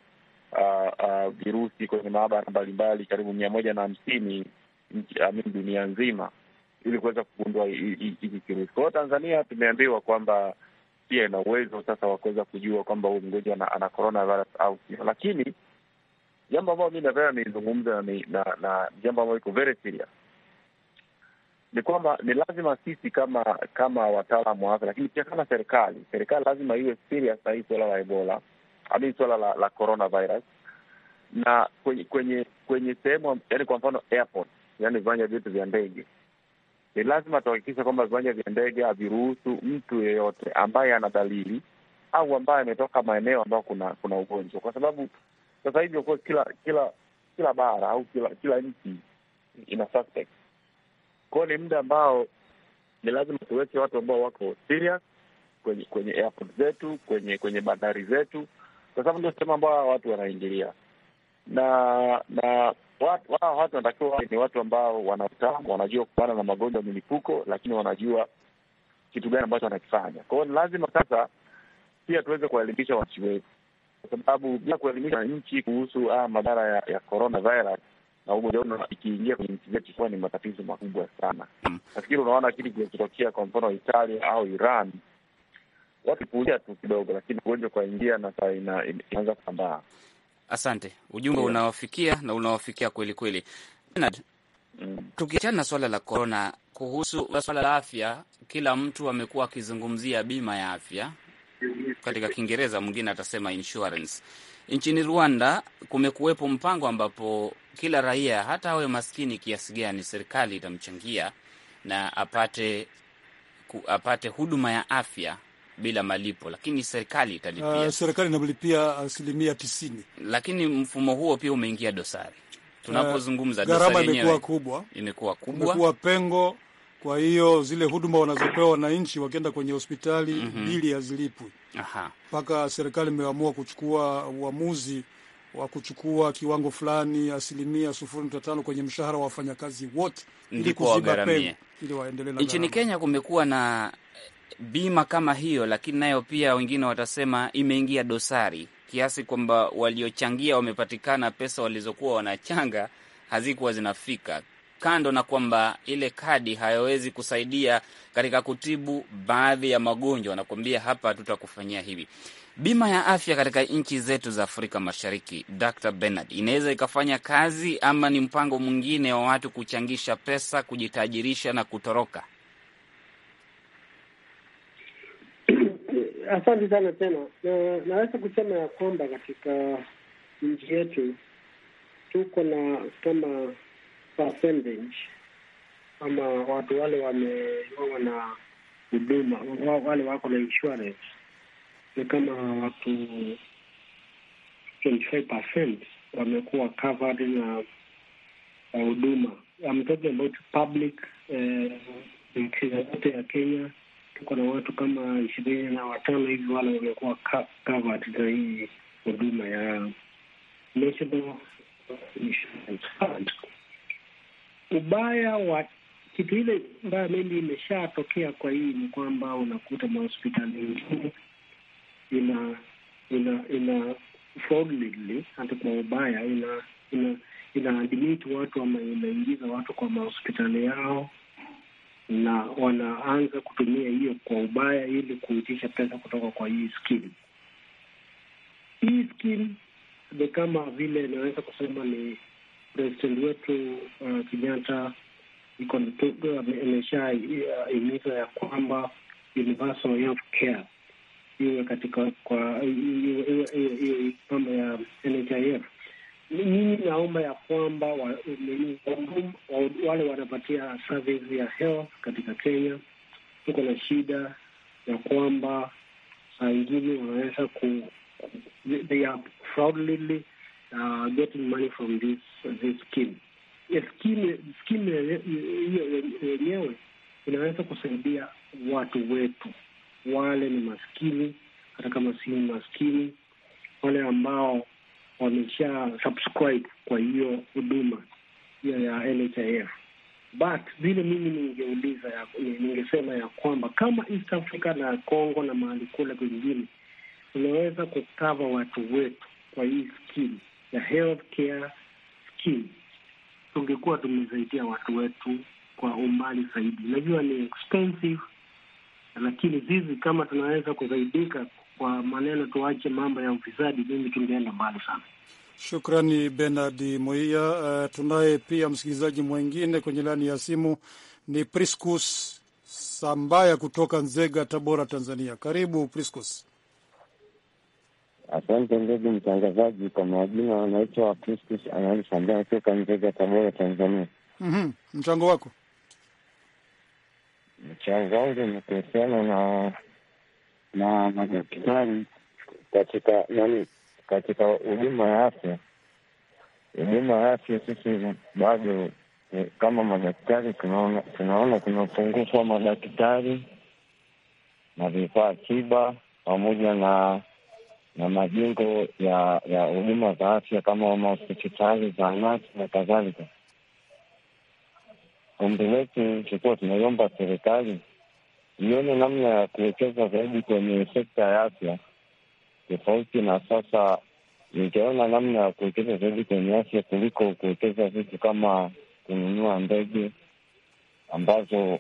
uh, uh, virusi kwenye maabara mbalimbali karibu mia moja na hamsini dunia nzima ili kuweza kugundua hiki kirusi. Kwa hiyo Tanzania tumeambiwa kwamba pia ina uwezo sasa wa kuweza kujua kwamba huyu mgonjwa ana coronavirus au sio, lakini jambo ambayo mi nadhani ameizungumza na, na jambo ambayo iko very serious ni kwamba ni lazima sisi kama kama wataalamu wa afya, lakini pia kama serikali, serikali lazima iwe serious na hii suala la Ebola ami suala la, la coronavirus na kwenye kwenye kwenye sehemu yani, kwa mfano airport, yani viwanja vyetu vya ndege, ni lazima tuhakikisha kwamba viwanja vya ndege haviruhusu mtu yeyote ambaye ana dalili au ambaye ametoka maeneo ambayo kuna kuna ugonjwa, kwa sababu sasa hivi kwa kila kila kila bara au kila kila nchi ina suspect kwao. Ni muda ambao ni lazima tuweke watu ambao wako serious kwenye kwenye airport zetu, kwenye kwenye bandari zetu, kwa sababu ndio sehemu ambao watu wanaingilia na na watu wao watu wanatakiwa ni watu ambao wana utaalamu, wanajua kupambana na magonjwa ya milipuko, lakini wanajua kitu gani ambacho wanakifanya. Kwa hiyo ni lazima sasa pia tuweze kuwaelimisha wananchi wetu kwa sababu bila kuelimisha nchi kuhusu haya ah, madhara ya, ya corona virus na ugonjwa huu ikiingia kwenye nchi zetu kuwa ni matatizo makubwa sana. Mm. Nafikiri unaona kitu kinachotokea kwa mfano Italia au Iran, watu kulia tu kidogo, lakini ugonjwa ukaingia na saa inaanza kusambaa. Asante, ujumbe unaofikia na unaofikia kweli kweli. Mm. Tukiachana na swala la korona, kuhusu swala la afya, kila mtu amekuwa akizungumzia bima ya afya katika Kiingereza mwingine atasema insurance. Nchini Rwanda kumekuwepo mpango ambapo kila raia, hata awe maskini kiasi gani, serikali itamchangia na apate ku, apate huduma ya afya bila malipo, lakini serikali italipia. Uh, serikali inalipia asilimia tisini, lakini mfumo huo pia umeingia dosari. Ah, Tunapozungumza uh, gharama imekuwa kubwa, imekuwa pengo kwa hiyo zile huduma wanazopewa wananchi wakienda kwenye hospitali mm -hmm. bili hazilipwi mpaka serikali imeamua kuchukua uamuzi wa kuchukua kiwango fulani asilimia sufuri nukta tano kwenye mshahara wa wafanyakazi wote ili kuziba pengo ili waendelee na nchini Kenya kumekuwa na eh, bima kama hiyo, lakini nayo pia wengine watasema imeingia dosari kiasi kwamba waliochangia wamepatikana pesa walizokuwa wanachanga hazikuwa zinafika kando na kwamba ile kadi hayawezi kusaidia katika kutibu baadhi ya magonjwa, wanakuambia hapa tutakufanyia hivi. Bima ya afya katika nchi zetu za Afrika Mashariki, Dr Bernard, inaweza ikafanya kazi ama ni mpango mwingine wa watu kuchangisha pesa, kujitajirisha na kutoroka? Asante sana tena na, naweza kusema ya kwamba katika nchi yetu tuko na kama percentage ama watu wale wamewawa na huduma wale wako na insurance ni kama watu 25% wamekuwa covered na huduma. I'm talking about public eh, nchi yote ya Kenya, tuko na watu kama ishirini na watano hivi wale wamekuwa covered na hii huduma ya National Insurance ubaya wa kitu ile ambayo mimi imeshatokea kwa hii ni kwamba unakuta mahospitali mengine ina ina ina hata kwa ubaya ina ina inaadimiti watu ama inaingiza watu kwa mahospitali yao na wanaanza kutumia hiyo kwa ubaya ili kuitisha pesa kutoka kwa hii skimu. Hii skimu ni kama vile inaweza kusema ni president wetu uh, Kenyatta ameshahimiza ya kwamba universal health care iwe katika kwa iwe mambo ya NHIF. Mimi naomba ya kwamba wale wanapatia service ya health katika Kenya, tuko na shida ya kwamba saa ingine wanaweza ku they are fraudulently uh, getting money from this, this scheme. Scheme hiyo yenyewe inaweza kusaidia watu wetu, wale ni maskini, hata kama si maskini, wale ambao wamesha subscribe kwa hiyo huduma hiyo ya NHIF. But vile mimi ningeuliza, ningesema ya kwamba kama East Africa na Congo na mahali kule kwingine, unaweza kukava watu wetu kwa hii skimu ya health care scheme, tungekuwa tumesaidia watu wetu kwa umbali zaidi. Najua ni expensive, lakini sisi kama tunaweza kusaidika kwa maneno, tuache mambo ya ufisadi, mimi tungeenda mbali sana. Shukrani Benard Moia. Uh, eh, tunaye pia msikilizaji mwengine kwenye laini ya simu ni Priscus Sambaya kutoka Nzega, Tabora, Tanzania. Karibu Priscus. Asante ndugu mtangazaji. Kwa majina anaitwa Priscus Analis ambaye kutoka Nzega, Tabora, Tanzania. Mm-hmm. Mchango wako? Mchango wangu ni kuhusiana na na madaktari katika nani, katika huduma ya afya. Huduma ya afya sisi bado eh, kama madaktari tunaona tunaona kuna upungufu wa madaktari na vifaa tiba pamoja na na majengo ya ya huduma za afya kama mahospitali, zahanati na kadhalika. Ombi letu tulikuwa tunaiomba serikali ione namna ya kuwekeza zaidi kwenye sekta ya afya, tofauti na sasa ingeona namna ya kuwekeza zaidi kwenye afya kuliko kuwekeza vitu kama kununua ndege ambazo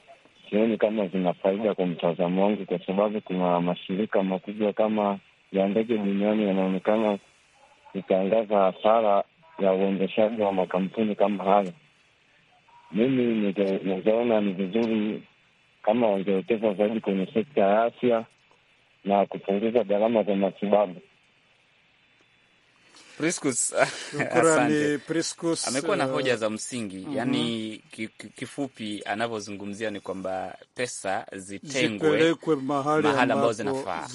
sioni kama zina faida kwa mtazamo wangu, kwa sababu kuna mashirika makubwa kama ya ndege duniani yanaonekana kutangaza hasara ya uendeshaji wa makampuni kama hayo. Mimi ningeona ni vizuri kama wangewekeza zaidi kwenye sekta ya afya na kupunguza gharama za matibabu. Priscus, asante. Priscus amekuwa na hoja za msingi uh mhm. -huh. Yani kifupi anavyozungumzia ni kwamba pesa zitengwe mahali ambapo zinafaa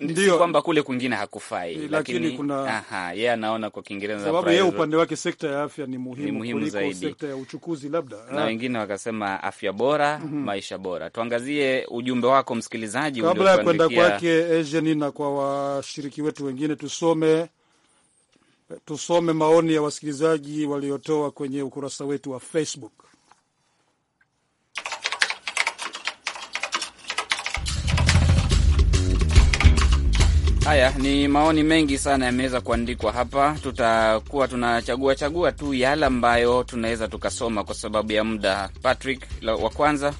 ndio kwamba kule kwingine hakufai, eh, lakini, lakini kuna aha, yeye anaona kwa Kiingereza, sababu yeye upande wake sekta ya afya ni muhimu, ni muhimu kuliko zaidi sekta ya uchukuzi labda, na eh. wengine wakasema afya bora mm -hmm. maisha bora. Tuangazie ujumbe wako msikilizaji, kabla ya kwenda kwake Asian eh, na kwa washiriki wetu wengine, tusome tusome maoni ya wasikilizaji waliotoa kwenye ukurasa wetu wa Facebook. Haya ni maoni mengi sana yameweza kuandikwa hapa. Tutakuwa tunachagua chagua tu yale ambayo tunaweza tukasoma kwa sababu ya muda. Patrick wa kwanza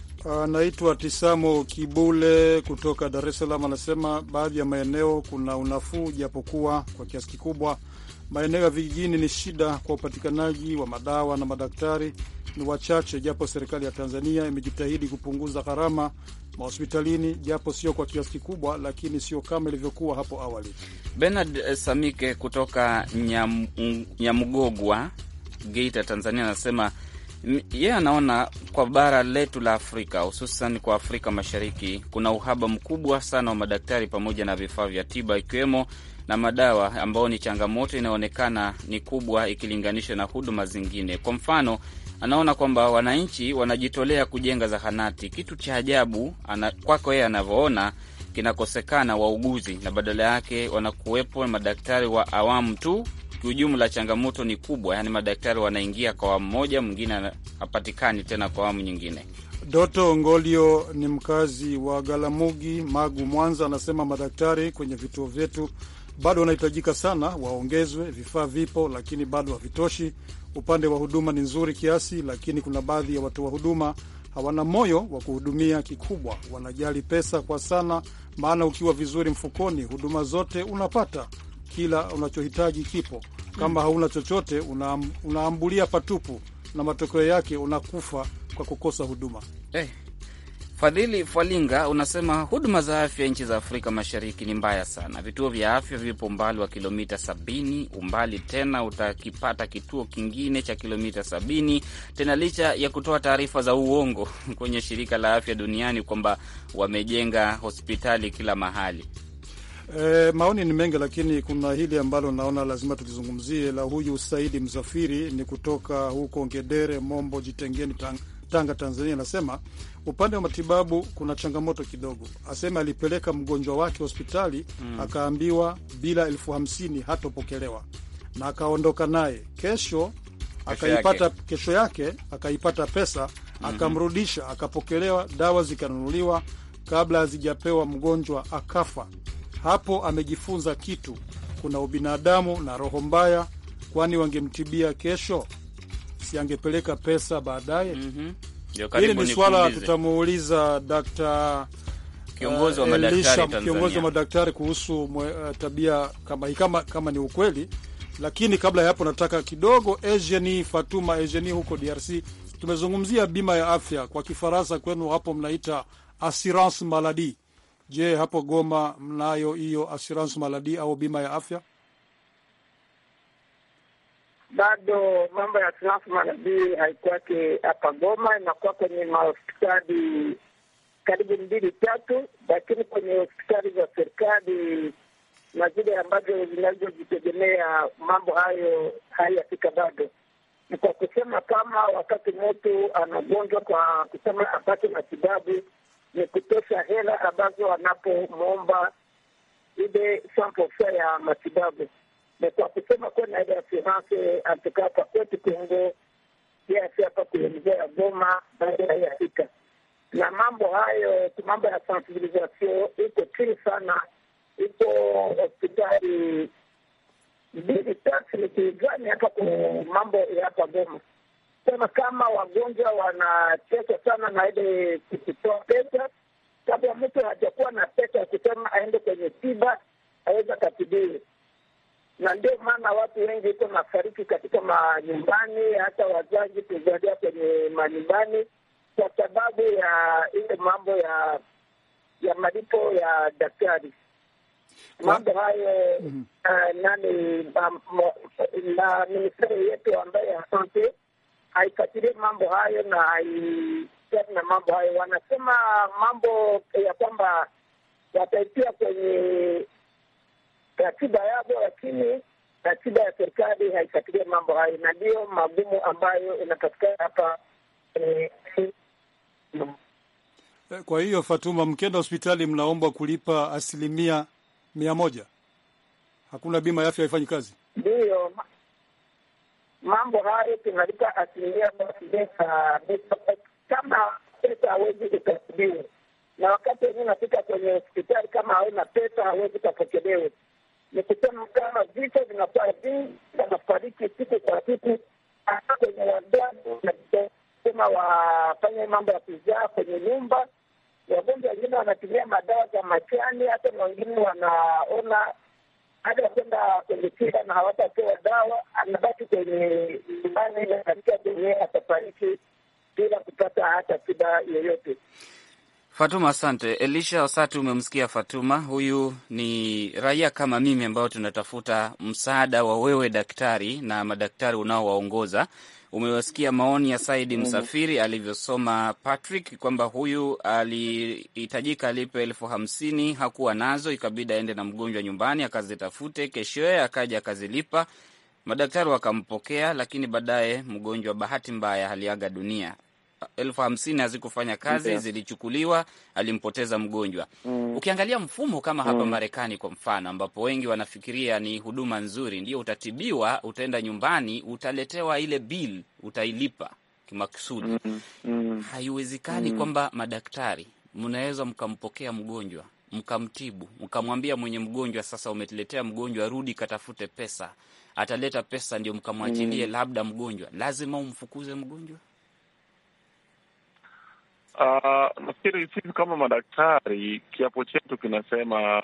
anaitwa ah, Tisamo Kibule kutoka Dar es Salaam, anasema baadhi ya maeneo kuna unafuu, japokuwa kwa kiasi kikubwa Maeneo ya vijijini ni shida kwa upatikanaji wa madawa na madaktari ni wachache, japo serikali ya Tanzania imejitahidi kupunguza gharama mahospitalini, japo sio kwa kiasi kikubwa, lakini sio kama ilivyokuwa hapo awali. Bernard eh, Samike kutoka Nyam, Nyamgogwa, Geita, Tanzania anasema yeye yeah, anaona kwa bara letu la Afrika hususan kwa Afrika Mashariki kuna uhaba mkubwa sana wa madaktari pamoja na vifaa vya tiba ikiwemo na madawa ambao ni changamoto inaonekana ni kubwa ikilinganishwa na huduma zingine. Kwa mfano, anaona kwamba wananchi wanajitolea kujenga zahanati, kitu cha ajabu kwako yeye anavyoona kinakosekana wauguzi, na badala yake wanakuwepo madaktari wa awamu tu. Kiujumla, changamoto ni kubwa, yaani madaktari wanaingia kwa awamu moja, mwingine hapatikani tena kwa awamu nyingine. Doto Ngolio ni mkazi wa Galamugi, Magu, Mwanza, anasema madaktari kwenye vituo vyetu bado wanahitajika sana, waongezwe. Vifaa vipo, lakini bado havitoshi. Upande wa huduma ni nzuri kiasi, lakini kuna baadhi ya watoa wa huduma hawana moyo wa kuhudumia. Kikubwa wanajali pesa kwa sana, maana ukiwa vizuri mfukoni, huduma zote unapata, kila unachohitaji kipo. Kama hauna chochote, unaambulia patupu, na matokeo yake unakufa kwa kukosa huduma. Hey. Eh. Fadhili Fwalinga unasema huduma za afya nchi za Afrika Mashariki ni mbaya sana. Vituo vya afya vipo umbali wa kilomita sabini, umbali tena utakipata kituo kingine cha kilomita sabini tena, licha ya kutoa taarifa za uongo kwenye shirika la afya duniani kwamba wamejenga hospitali kila mahali. E, maoni ni mengi, lakini kuna hili ambalo naona lazima tulizungumzie la huyu Saidi msafiri ni kutoka huko Ngedere, Mombo, Jitengeni, Tanga Tanga, Tanzania, anasema upande wa matibabu kuna changamoto kidogo. Asema alipeleka mgonjwa wake hospitali mm, akaambiwa bila elfu hamsini hatopokelewa na akaondoka naye. Kesho akaipata kesho yake akaipata pesa mm-hmm. akamrudisha, mm -hmm. Akapokelewa, dawa zikanunuliwa kabla hazijapewa mgonjwa, akafa. Hapo amejifunza kitu, kuna ubinadamu na roho mbaya, kwani wangemtibia kesho si angepeleka pesa baadaye? mm -hmm. Hili ni swala tutamuuliza Dr. Eh, kiongozi wa madaktari kuhusu mwe, uh, tabia kama, kama, kama ni ukweli. Lakini kabla ya hapo nataka kidogo Eugenie Fatuma, Eugenie huko DRC, tumezungumzia bima ya afya kwa Kifaransa kwenu hapo mnaita assurance maladie. Je, hapo Goma mnayo hiyo assurance maladie au bima ya afya? bado mambo ya sinafu manabii haikuwake hapa Goma, inakuwa kwenye mahospitali karibu mbili tatu, lakini kwenye hospitali za serikali na zile ambazo zinazojitegemea mambo hayo hayafika bado. Ni kwa kusema kama wakati mtu anagonjwa, kwa kusema apate matibabu ni kutosha hela ambazo anapomwomba ile ya matibabu ni kwa kusema kuwa yasihake atukapa kwetu Kongo yasi hapa kuelezea ya Goma baada ya na mambo hayo, mambo ya sensibilizasio iko chini sana, iko hospitali mbili tatu nikizani hapa ku mambo ya hapa Goma sana. Kama wagonjwa wanateswa sana na ile kukutoa pesa, kabla mtu hajakuwa na pesa ya kusema aende kwenye tiba aweza katibiwe na ndio maana watu wengi iko mafariki katika manyumbani, hata wazazi kuzalia kwenye manyumbani kwa sababu ya ile mambo ya ya malipo ya daktari. Mambo hayo mm -hmm. Uh, nani na ministeri yetu ambaye ya asante haikatilie mambo hayo na haitani na mambo hayo. Wanasema mambo ya kwamba wataitia kwenye ratiba yapo, lakini ratiba ya serikali haifuatilia mambo hayo, na ndiyo magumu ambayo inapatikana hapa e, kwa hiyo Fatuma, mkienda hospitali mnaombwa kulipa asilimia mia moja. Hakuna bima ya afya haifanyi kazi, ndiyo mambo hayo. Tunalipa asilimia moja kama pesa hawezi kutatibiwa, na wakati wenyewe nafika kwenye hospitali, kama hauna pesa hawezi kapokelewe ni kusema kama vifo vinakuwa vingi, wanafariki siku kwa siku, hata kwenye wazazi wafanye mambo ya kuzaa kwenye nyumba. Wagonjwa wengine wanatumia madawa za machani, hata na wengine wanaona hata wakwenda kwenye kila na hawatapewa dawa, anabaki kwenye nyumbani katika dunia atafariki bila kupata hata tiba yoyote. Fatuma, asante Elisha Wasati. Umemsikia Fatuma, huyu ni raia kama mimi ambayo tunatafuta msaada wa wewe daktari na madaktari unaowaongoza. Umewasikia maoni ya Saidi mhm. Msafiri alivyosoma Patrick kwamba huyu alihitajika alipe elfu hamsini hakuwa nazo, ikabidi aende na mgonjwa nyumbani akazitafute. Keshoye akaja akazilipa, madaktari wakampokea, lakini baadaye mgonjwa bahati mbaya aliaga dunia elfu hamsini hazikufanya kazi yeah. Zilichukuliwa, alimpoteza mgonjwa mm. Ukiangalia mfumo kama hapa mm. Marekani kwa mfano, ambapo wengi wanafikiria ni huduma nzuri, ndio utatibiwa, utaenda nyumbani, utaletewa ile bill, utailipa kimakusudi mm. mm. Haiwezekani mm. kwamba madaktari mnaweza mkampokea mgonjwa mkamtibu mkamwambia mwenye mgonjwa, sasa umetuletea mgonjwa, rudi katafute pesa, ataleta pesa ndio mkamwachilie mm. labda mgonjwa, lazima umfukuze mgonjwa Uh, nafikiri sisi kama madaktari kiapo chetu kinasema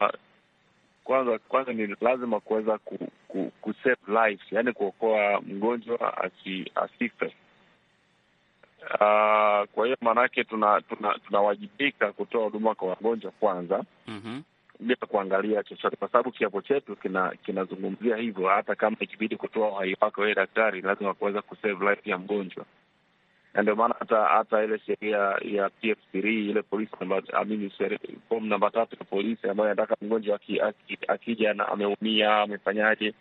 kwanza kwanza ni lazima kuweza ku, ku, ku save life, yaani kuokoa mgonjwa asi, asife. Uh, kwa hiyo maanake tunawajibika tuna, tuna kutoa huduma kwa wagonjwa kwanza mm -hmm. Bila kuangalia chochote, kwa sababu kiapo chetu kinazungumzia kina hivyo. Hata kama ikibidi kutoa uhai wako wewe daktari, lazima kuweza ku life ya mgonjwa na ndio maana hata hata ile sheria ya PF3 ile polisi amini fomu namba tatu ya polisi ambayo inataka mgonjwa akija na ameumia amefanyaje,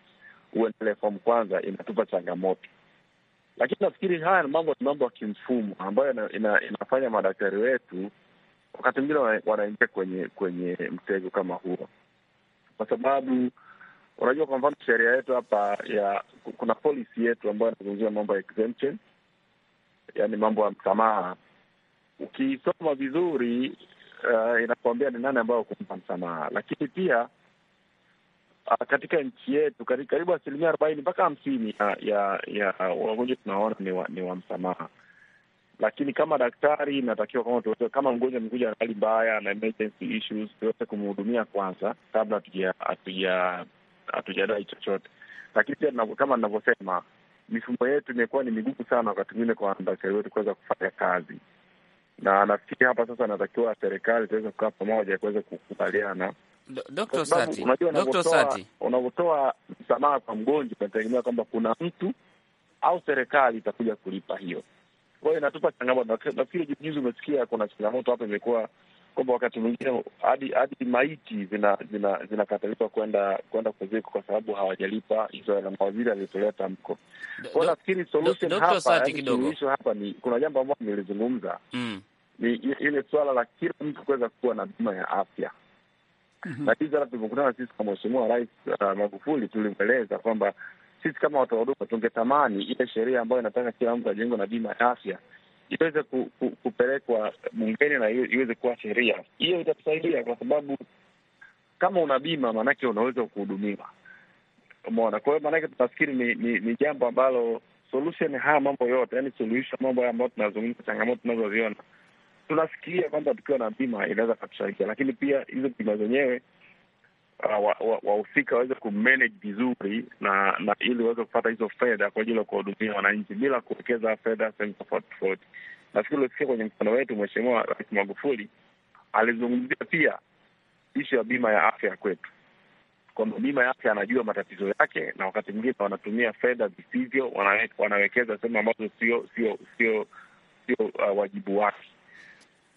huwe na ile fomu kwanza, inatupa changamoto. Lakini nafikiri haya mambo ni mambo ya kimfumo ambayo ina, ina, inafanya madaktari wetu wakati mwingine wanaingia kwenye kwenye mtego kama huo, kwa sababu unajua, kwa mfano sheria yetu hapa ya kuna policy yetu ambayo inazungumzia mambo ya exemption yani mambo ya msamaha. ukisoma vizuri uh, eh, inakuambia ni nani ambayo kumpa msamaha, lakini pia uh, katika nchi yetu karibu asilimia arobaini mpaka hamsini ya, ya, ya wagonjwa tunaona ni wa, ni wa msamaha lakini kama daktari inatakiwa kama tuweze, kama mgonjwa amekuja na hali mbaya na emergency issues, tuweze kumhudumia kwanza kabla hatujadai chochote. Lakini pia kama ninavyosema, mifumo yetu imekuwa ni migumu sana wakati mwingine kwa madaktari wetu kuweza kufanya kazi, na nafikiri hapa sasa anatakiwa serikali itaweza kukaa pamoja kuweza kukubaliana. unavyotoa msamaha kwa mgonjwa unategemea kwamba kuna mtu au serikali itakuja kulipa hiyo. Kwa hiyo inatupa changamoto. Nafikiri juzi umesikia kuna changamoto hapa imekuwa kwamba wakati mwingine hadi hadi maiti zinakataliwa zina, zina kwenda kwenda kuzikwa kwa sababu hawajalipa hizo hela. Mawaziri alitolea tamko kwao. Nafikiri solution hapa, suluhisho hapa ni kuna jambo ambayo nilizungumza mm. ni ile suala la kila mtu kuweza kuwa na bima ya afya mhm. na hizi hata tulivyokutana sisi kwa Mheshimiwa Rais uh, Magufuli tulimweleza kwamba sisi kama watu wa huduma tungetamani ile sheria ambayo inataka kila mtu ajengwe na bima ya afya iweze ku, ku, kupelekwa bungeni na iweze kuwa sheria. Hiyo itatusaidia kwa sababu kama una bima, maanake unaweza kuhudumiwa. Umeona? Kwa hiyo maanake tunafikiri ni, ni, ni jambo ambalo solution haya mambo yote, yani suluhisho mambo ambayo tunazungumza, changamoto tunazoziona, tunafikiria kwamba tukiwa na bima inaweza katusaidia, lakini pia hizo bima zenyewe wahusika uh, wa, wa waweze kumanage vizuri na na ili waweze kupata hizo fedha kwa ajili ya kuwahudumia wananchi bila kuwekeza fedha sehemu tofauti tofauti. Nafikiri ulisikia kwenye mkutano wetu, Mheshimiwa Rais Magufuli alizungumzia pia ishu ya bima ya afya kwetu, kwamba bima ya afya anajua matatizo yake, na wakati mwingine wanatumia fedha visivyo, wanawe, wanawekeza sehemu ambazo sio sio sio sio uh, wajibu wake.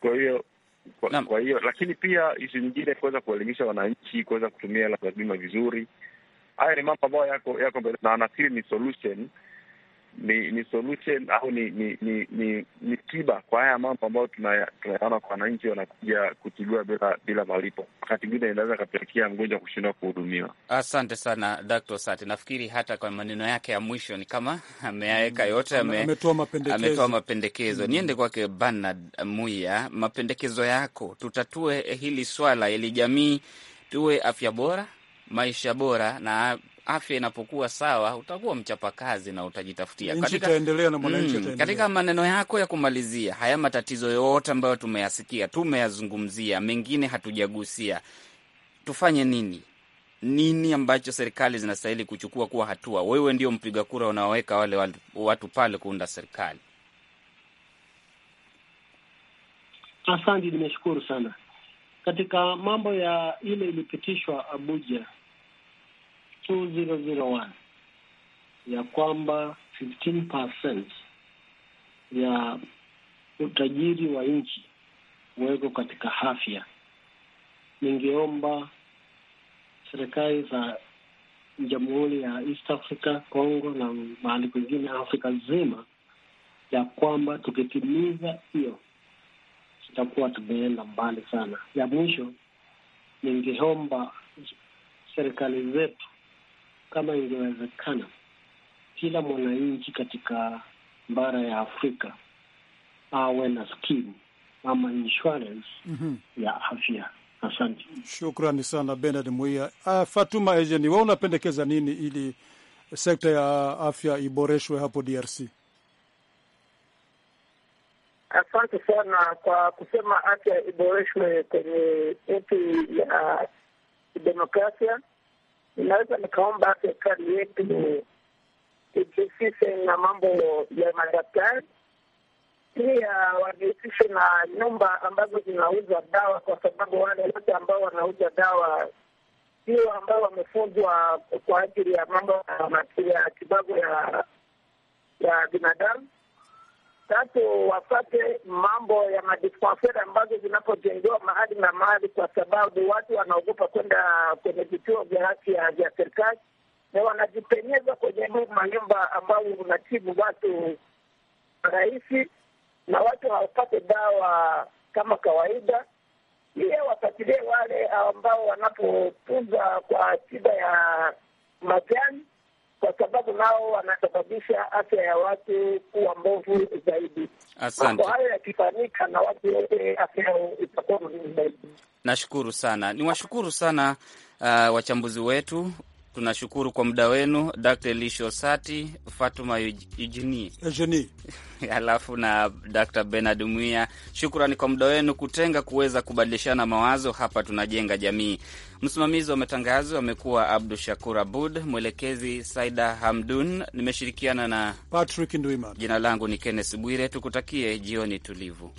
Kwa hiyo kwa, kwa hiyo lakini pia hizi nyingine kuweza kuelimisha wananchi kuweza kutumia hela za bima vizuri. Haya ni mambo ambayo yako yako mbele, na nafikiri ni solution ni ni solution au ni ni ni, ni, ni tiba kwa haya mambo ambayo tunayaona kwa wananchi wanakuja kutibiwa bila bila malipo. Wakati mwingine inaweza kapelekea mgonjwa kushindwa kuhudumiwa. Asante sana Dr. Sati, nafikiri hata kwa maneno yake ya mwisho ni kama ameyaweka mm, yote, ametoa mapendekezo, mapendekezo. Niende mm. kwake Bernard Muya, mapendekezo yako, tutatue hili swala ili jamii tuwe afya bora, maisha bora na afya inapokuwa sawa, utakuwa mchapakazi na utajitafutia katika, mm, katika maneno yako ya kumalizia haya matatizo yote ambayo tumeyasikia, tumeyazungumzia, mengine hatujagusia, tufanye nini? Nini ambacho serikali zinastahili kuchukua kuwa hatua? Wewe ndio mpiga kura unaoweka wale watu pale kuunda serikali. Asante, nimeshukuru sana. Katika mambo ya ile ilipitishwa Abuja 2001 ya kwamba 15% ya utajiri wa nchi uweko katika afya, ningeomba serikali za Jamhuri ya East Africa, Congo na mahali kwengine Afrika nzima ya kwamba tukitimiza hiyo tutakuwa tumeenda mbali sana. Ya mwisho, ningeomba serikali zetu kama ingewezekana kila mwananchi katika bara ya Afrika awe na skimu ama insurance mm -hmm. ya afya. Asante, shukrani sana Benard Mwia. Uh, Fatuma Ejeni, we unapendekeza nini ili sekta ya afya iboreshwe hapo DRC? Asante sana kwa kusema afya iboreshwe kwenye nchi ya demokrasia inaweza nikaomba serikali yetu ijihusishe na mambo ya madaktari, pia wajihusishe na nyumba ambazo zinauza dawa, kwa sababu wale wote ambao wanauza dawa sio ambao wamefunzwa kwa ajili ya mambo ya matibabu ya ya binadamu. Tatu, wapate mambo ya madispenseri ambazo zinapojengewa mahali na mahali, kwa sababu watu wanaogopa kwenda kwenye vituo vya afya vya serikali na wanajipenyeza kwenye manyumba ambayo unatibu watu rahisi, na watu hawapate dawa kama kawaida. Pia wafatilie wale ambao wanapopunza kwa tiba ya majani kwa sababu nao wanasababisha afya ya watu kuwa mbovu zaidi. Asante. hayo yakifanyika na watu wote, afya yao itakuwa mbovu zaidi. Nashukuru sana, niwashukuru sana uh, wachambuzi wetu Tunashukuru kwa muda wenu d Elisho Sati, Fatuma Ijini alafu na d Benard Mwia. Shukrani kwa muda wenu kutenga kuweza kubadilishana mawazo hapa, tunajenga jamii. Msimamizi wa matangazo amekuwa Abdu Shakur Abud, mwelekezi Saida Hamdun, nimeshirikiana na Patrick Jina langu ni Kenneth Bwire, tukutakie jioni tulivu.